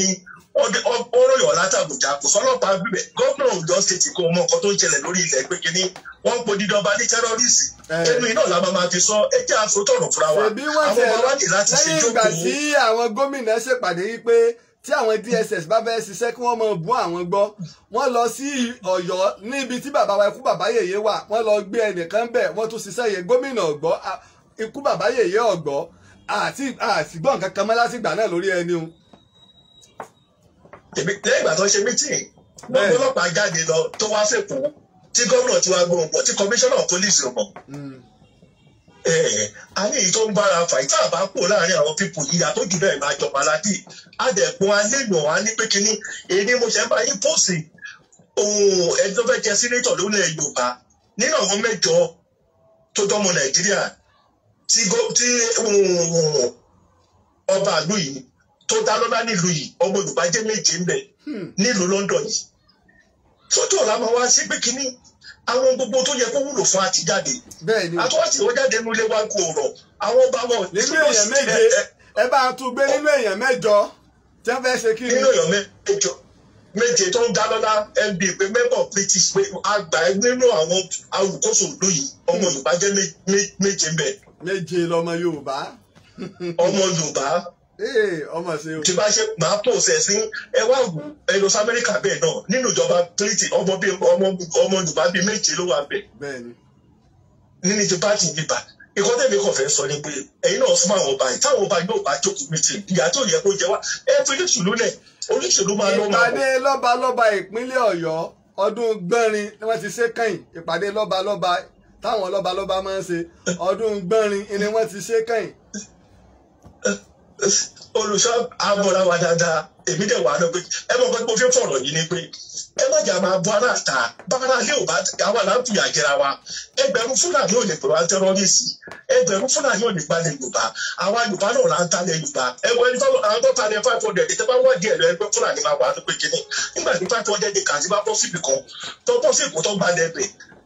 ọ̀rọ̀ yọ látàbùjá kò sọlọ́pàá bíbẹ gómìnà Ọ̀yọ́ state kò mọ nǹkan tó ń ṣẹlẹ̀ lórí ilẹ̀ pé kíní wọn ń po dídọba ní tẹrọrìsì eh. ẹnu iná la máa fi sọ ẹ jẹ́ àsotọrọ fúnra wa àwọn ọmọ wa ní láti ṣe jókòó. lẹ́yìn ìgbà tí àwọn gómìnà ṣèpàdé yìí pé tí àwọn DSS bá fẹ́ ṣiṣẹ́ kí wọ́n mọ bú àwọn gbọ́ wọ́n lọ sí Ọ̀yọ́ níbi tí bàbá wa ikú bàbá yèyé wà wọ́n lọ gbé ẹnìkan bẹ̀ wọ́n tún ṣiṣẹ́ yẹn gómìnà ọ̀gbọ́ ikú bàbá yèyé ọ̀gbọ́ àti àtìgbọ́n kankan mọ́ lásìgbà náà lórí ẹni o lẹ́yìn ìgbà tó ń ṣe mítìn wọ́n gbé ọlọ́pàá jáde lọ tó wá fẹ́kọ̀ọ́ tí gómìnà ti wá gbọ́ ọ̀pọ̀ tí kọmíṣánná pólíìsì ọmọ. Hmm. a ní èyí tó ń bára fà yìí tá a bá pò láàrin àwọn pípò yìí àtó jù bẹ́ẹ̀ máa jọba ládì adẹ̀kùn alẹ́nà á ní pé kínní èyí mo ṣe ń bá yín pòsì ẹni tó fẹ́ jẹ sínétọ̀ lónìí Yorùbá nínú àwọn mẹ́jọ tó dọ́mọ Nàìjíríà tí ọba àlú yìí tó dá lọ́lá nílùú yìí ọmọ Yorùbá jẹ́ méje ń bẹ̀ hmm. nílùú London yìí sọ́tọ̀ la máa wá sí pé kínní àwọn gbogbo tó yẹ kó wúlò fún àti jáde àtúwàtì wọn jáde nílé wa kò rọ̀ àwọn ọba wọn nínú èèyàn méje ẹ bá a tún gbé nínú èèyàn mẹ́jọ tí wọ́n fẹ́ ṣe kí ni. nínú èèyàn mẹ́jọ méje tó ń dá lọ́lá mb pé mẹ́bọ̀ british pé àgbà nínú àwọn alùkóso ìlú yìí ọmọ hmm. Yorùbá jẹ́ méje ń bẹ̀. méje lọmọ Yorùbá. (laughs) ọmọ Yorùbá ọmọ ṣe o. tí bá ṣe máa pòsè sí ẹ wá wò ẹ lọ sí amẹ́ríkà bẹ́ẹ̀ náà nínú ìjọba tírítì ọmọ bíi ọmọ ọmọ yorùbá bíi méje ló wà bẹ́ẹ̀. nínú ti pàtì ìbíbà ikọ́ tẹ̀mí kan fẹ́ sọ ni pé ẹ̀yin náà súnmọ́ àwọn ọba yìí táwọn ọba yóò bá jókòó meeting ìyá tó yẹ kó jẹ wá ẹ fi olóṣèlú lẹ̀ olóṣèlú máa lọ́ máa bọ̀. ìpàdé lọ́ba lọ́ba ìpínlẹ̀ ọ̀yọ́ ọdún gbọ́nrin ni wọ́n ti ṣe kẹ́yìn ìpàdé lọ́ba lọ́ba táwọn lọ́ba lọ́ba máa ń ṣe ọdún gbọ́nrin ni wọ́n ti ṣe kẹ́yìn olùṣọ́ àmọ́ra wa dáadáa èmi dẹ̀ wà lọ pé ẹ mọ̀ pé mo fi fọ̀rọ̀ yìí ni pé ẹ má jà máa bu ara ta bára lé ò bá àwa là ń fìyà jẹra wa ẹgbẹ̀rún fúlàní ò lè pè wá tẹ́rọ́rìsì ẹgbẹ̀rún fúlàní ò lè gbalẹ̀ yorùbá àwa yorùbá náà là ń talẹ̀ yorùbá ẹwọ ẹni fọlọ àwọn tó talẹ̀ five hundred ìtẹ́ bá wà díẹ̀ lọ ẹgbẹ́ fúlàní máa wà lópe kínní nígbà tí five hundred kà sí bá bọ́ síbì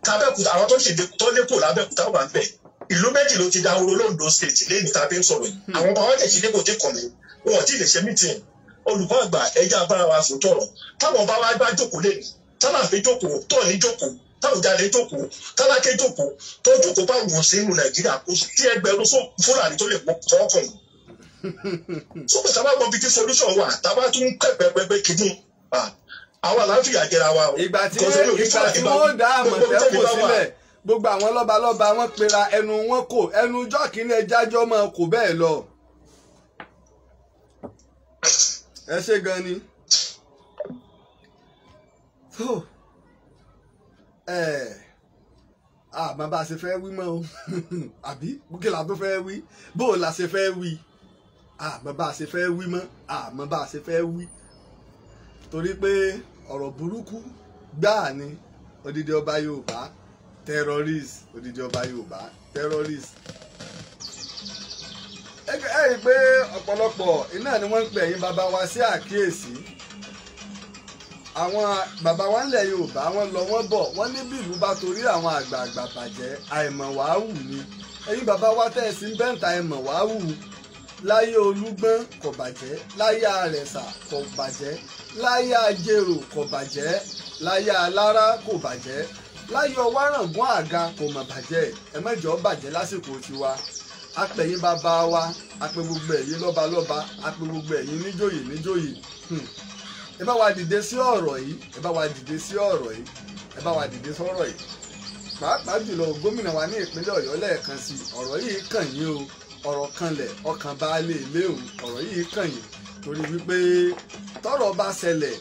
tàbẹ́kùtà àwọn tó ṣèdè tó lé kò lábẹ́kùtà wà bẹ́ẹ̀ ìlú méjì ló ti dahoro londo state lẹ́yìn tá a fi ń sọ̀rọ̀ yìí hmm. àwọn ọmọ wájà ìṣẹ́lẹ̀ kò tí kọ̀lé wọn ò tí ì lè ṣe mítìn olùkọ́ àgbà ẹja bára wa sùn tọ̀rọ̀ táwọn bá wá bá jókòó lé tálàfé jókòó tọ̀ọ̀ní jókòó táwùjáde jókòó tálákẹ́ jókòó tó jókòó bá wù sí ìlú nàìjíríà kò sí tí ẹgbẹ̀rún fúlàní tó lè fọ́ọ̀kàn sókè sábà gbọ́ bíi solution wà tábà tún kẹ́pẹ́pẹ́pẹ́ kìíní àwa làá fìyà jẹra wa o. ìgbà tí wọ́n dá àmọ̀tẹ́kùn sílẹ̀ gbogbo àwọn lọ́balọ́ba wọ́n pera ẹnu wọn kò ẹnu ọjọ́ kìíní ẹjájọ́ máa kò bẹ́ẹ̀ lọ. ẹ ṣe gan ni. tó ẹ à bàbá a ṣe fẹ́ wí mọ́ o (laughs) àbí bókìlà tó fẹ́ wí bó o la ṣe fẹ́ wí à bàbá a ṣe fẹ́ wí mọ́ à bàbá a ṣe fẹ́ wí torí pé ọ̀rọ̀ burúkú gbáà ni odidi ọba Yorùbá terrorist oníjọba Yorùbá terrorist ẹ rí i pé ọ̀pọ̀lọpọ̀ iná ni wọ́n ń pè ẹ̀yin bàbá wa sí àkíyèsí àwọn bàbá wa ńlẹ̀ Yorùbá wọ́n lọ wọ́n bọ̀ wọ́n ní bí ìlú bá torí àwọn àgbààgbà bàjẹ́ àìmọ̀ wàá ni ẹ̀yin bàbá wa tẹ̀ sí bẹ́ǹtà àìmọ̀ wàá wù láyé Olúgbọ́n kò bàjẹ́ láyé Àrẹ̀sà kò bàjẹ́ láyé Àjèrò kò bàjẹ́ láyé Alára kò bàjẹ́ láyọ̀ wárangún àga kò mà bàjẹ́ ẹ mẹ́jọ bàjẹ́ lásìkò tiwa apẹ̀yìn bàbá wa apẹ gbogbo ẹ̀yin lọ́ba lọ́ba apẹ gbogbo ẹ̀yin níjòyè níjòyè hmm. ẹ bá wa dìde sí ọ̀rọ̀ yìí ẹ bá wa dìde sí ọ̀rọ̀ yìí ẹ bá wa dìde sọ̀rọ̀ yìí pàápàá jùlọ gómìnà wa ní ìpínlẹ̀ ọ̀yọ́ lẹ́ẹ̀kan sí ọ̀rọ̀ yìí kàn yín o ọ̀rọ̀ kanlẹ̀ ọkàn baálé ilé o ọ̀rọ̀ yìí kàn yín torí wípé tọ́rọ̀ bá ṣẹlẹ̀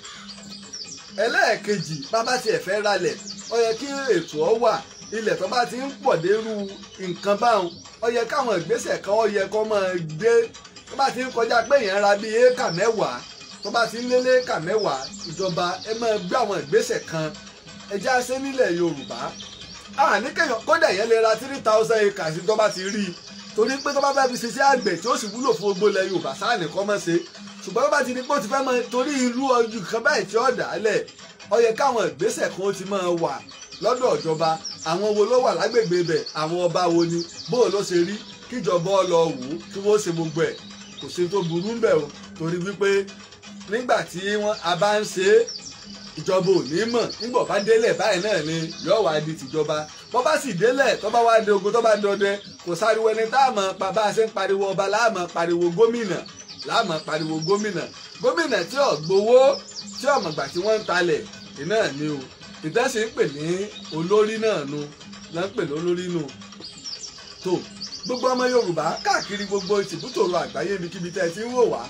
ẹlẹ́ẹ̀kejì bàbá tiẹ̀ fẹ́ ralẹ̀ ó yẹ kí ètò ọ wà ilẹ̀ tó bá ti ń pọ̀ dérú nǹkan báwọn ó yẹ káwọn ìgbésẹ̀ kan ó yẹ kó máa gbé tó bá ti ń kọjá pé èèyàn ra bíi éékà mẹ́wàá tó bá ti ń lélé éékà mẹ́wàá ìjọba ẹ máa gbé àwọn ìgbésẹ̀ kan ẹjẹ́ àṣẹ nílẹ̀ Yorùbá àní kéèyàn kódà yẹn lè ra three thousand acres tó bá ti rí i torí pé tó bá fẹ́ fi ṣiṣẹ́ àgbẹ̀ tí ó sì wúlò fún gbogbo ilẹ̀ Yorùbá sáà nìkan mọ́ ṣe ṣùgbọ́n tó bá ti ní pé ó ti fẹ́ mọ torí irú ọdún kan báyìí tí ó dà á lẹ̀ ó yẹ káwọn ìgbésẹ̀ kan ti máa wà lọ́dọ̀ ìjọba àwọn wo ló wà lágbègbè ibẹ̀ àwọn ọba wo ni bóò ló ṣe rí kíjọba ọ lọ wò ó kí wọ́n ṣe gbogbo ẹ̀ kò sí tó burú ń bẹ̀ o torí wípé nígbà tí wọ́n a bá ń ṣe é ìjọba ò ní mọ̀ nígbà bá délẹ̀ báyìí náà ni yóò wá di tìjọba bọ́ bá sì délẹ̀ tó bá wá di ogun tó bá dọdẹ kò sáriwo ẹni tá a mọ̀ pa bá a ṣe ń pariwo ọba láàmọ̀ pariwo gómìnà láàmọ̀ pariwo gómìnà gómìnà tí ò gbowó tí ò mọ̀gbà tí wọ́n ń talẹ̀ iná ni o ìtẹ́sí ń pè ní olórí náà nu náà ń pè lólórí nu tó gbogbo ọmọ yorùbá káàkiri gbogbo ìtìbútòrò àgbáyé ibikíbi tẹ́ ẹ ti ń wò wá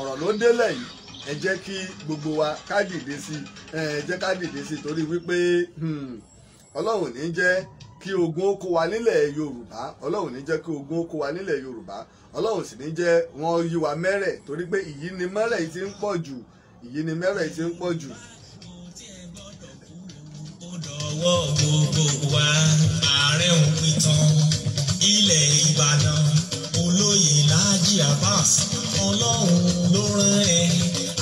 ọ̀rọ̀ ló délẹ̀ yìí ẹ jẹ́ kí gbogbo wa ká dìde sí ẹ jẹ́ ká dìde sí torí wípé hmm, ọlọ́run ní jẹ́ kí ogun ó kó wa nílẹ̀ yorùbá ọlọ́run ní jẹ́ kí ogun ó kó wa nílẹ̀ yorùbá ọlọ́run sì ní jẹ́ wọ́n yí wa mẹ́rẹ̀ torí pé ìyí ni mẹ́rẹ̀ yìí ti ń pọ̀ jù ìyí ni mẹ́rẹ̀ yìí ti ń pọ̀ jù ìwọ gbogbo wa ààrẹ òpin tán ilẹ̀ ìbàdàn olóyè Láàjì Abbas ọlọ́run ló rán ẹ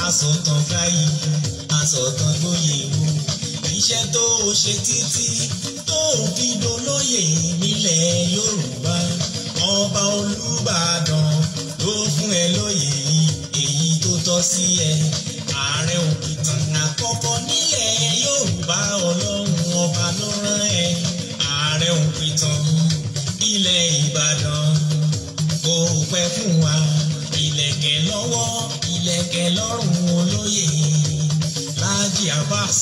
asọ̀tàn káyì asọ̀tàn lóye wo iṣẹ́ tó o ṣe títí tó o fi dolóyè nílẹ̀ Yorùbá ọba Olúbàdàn ló fún ẹ lóye èyí tó tọ́ sí ẹ ààrẹ òkìtì àkọ́kọ́ nílẹ̀ Yorùbá ọlọ́run ọba ló rán ẹ ààrẹ òkìtì ilẹ̀ Ìbàdàn kò pẹ́ fún wa ìlẹ̀kẹ̀ lọ́wọ́ ìlẹ̀kẹ̀ lọ́rùn olóyè Láàjì Abbas.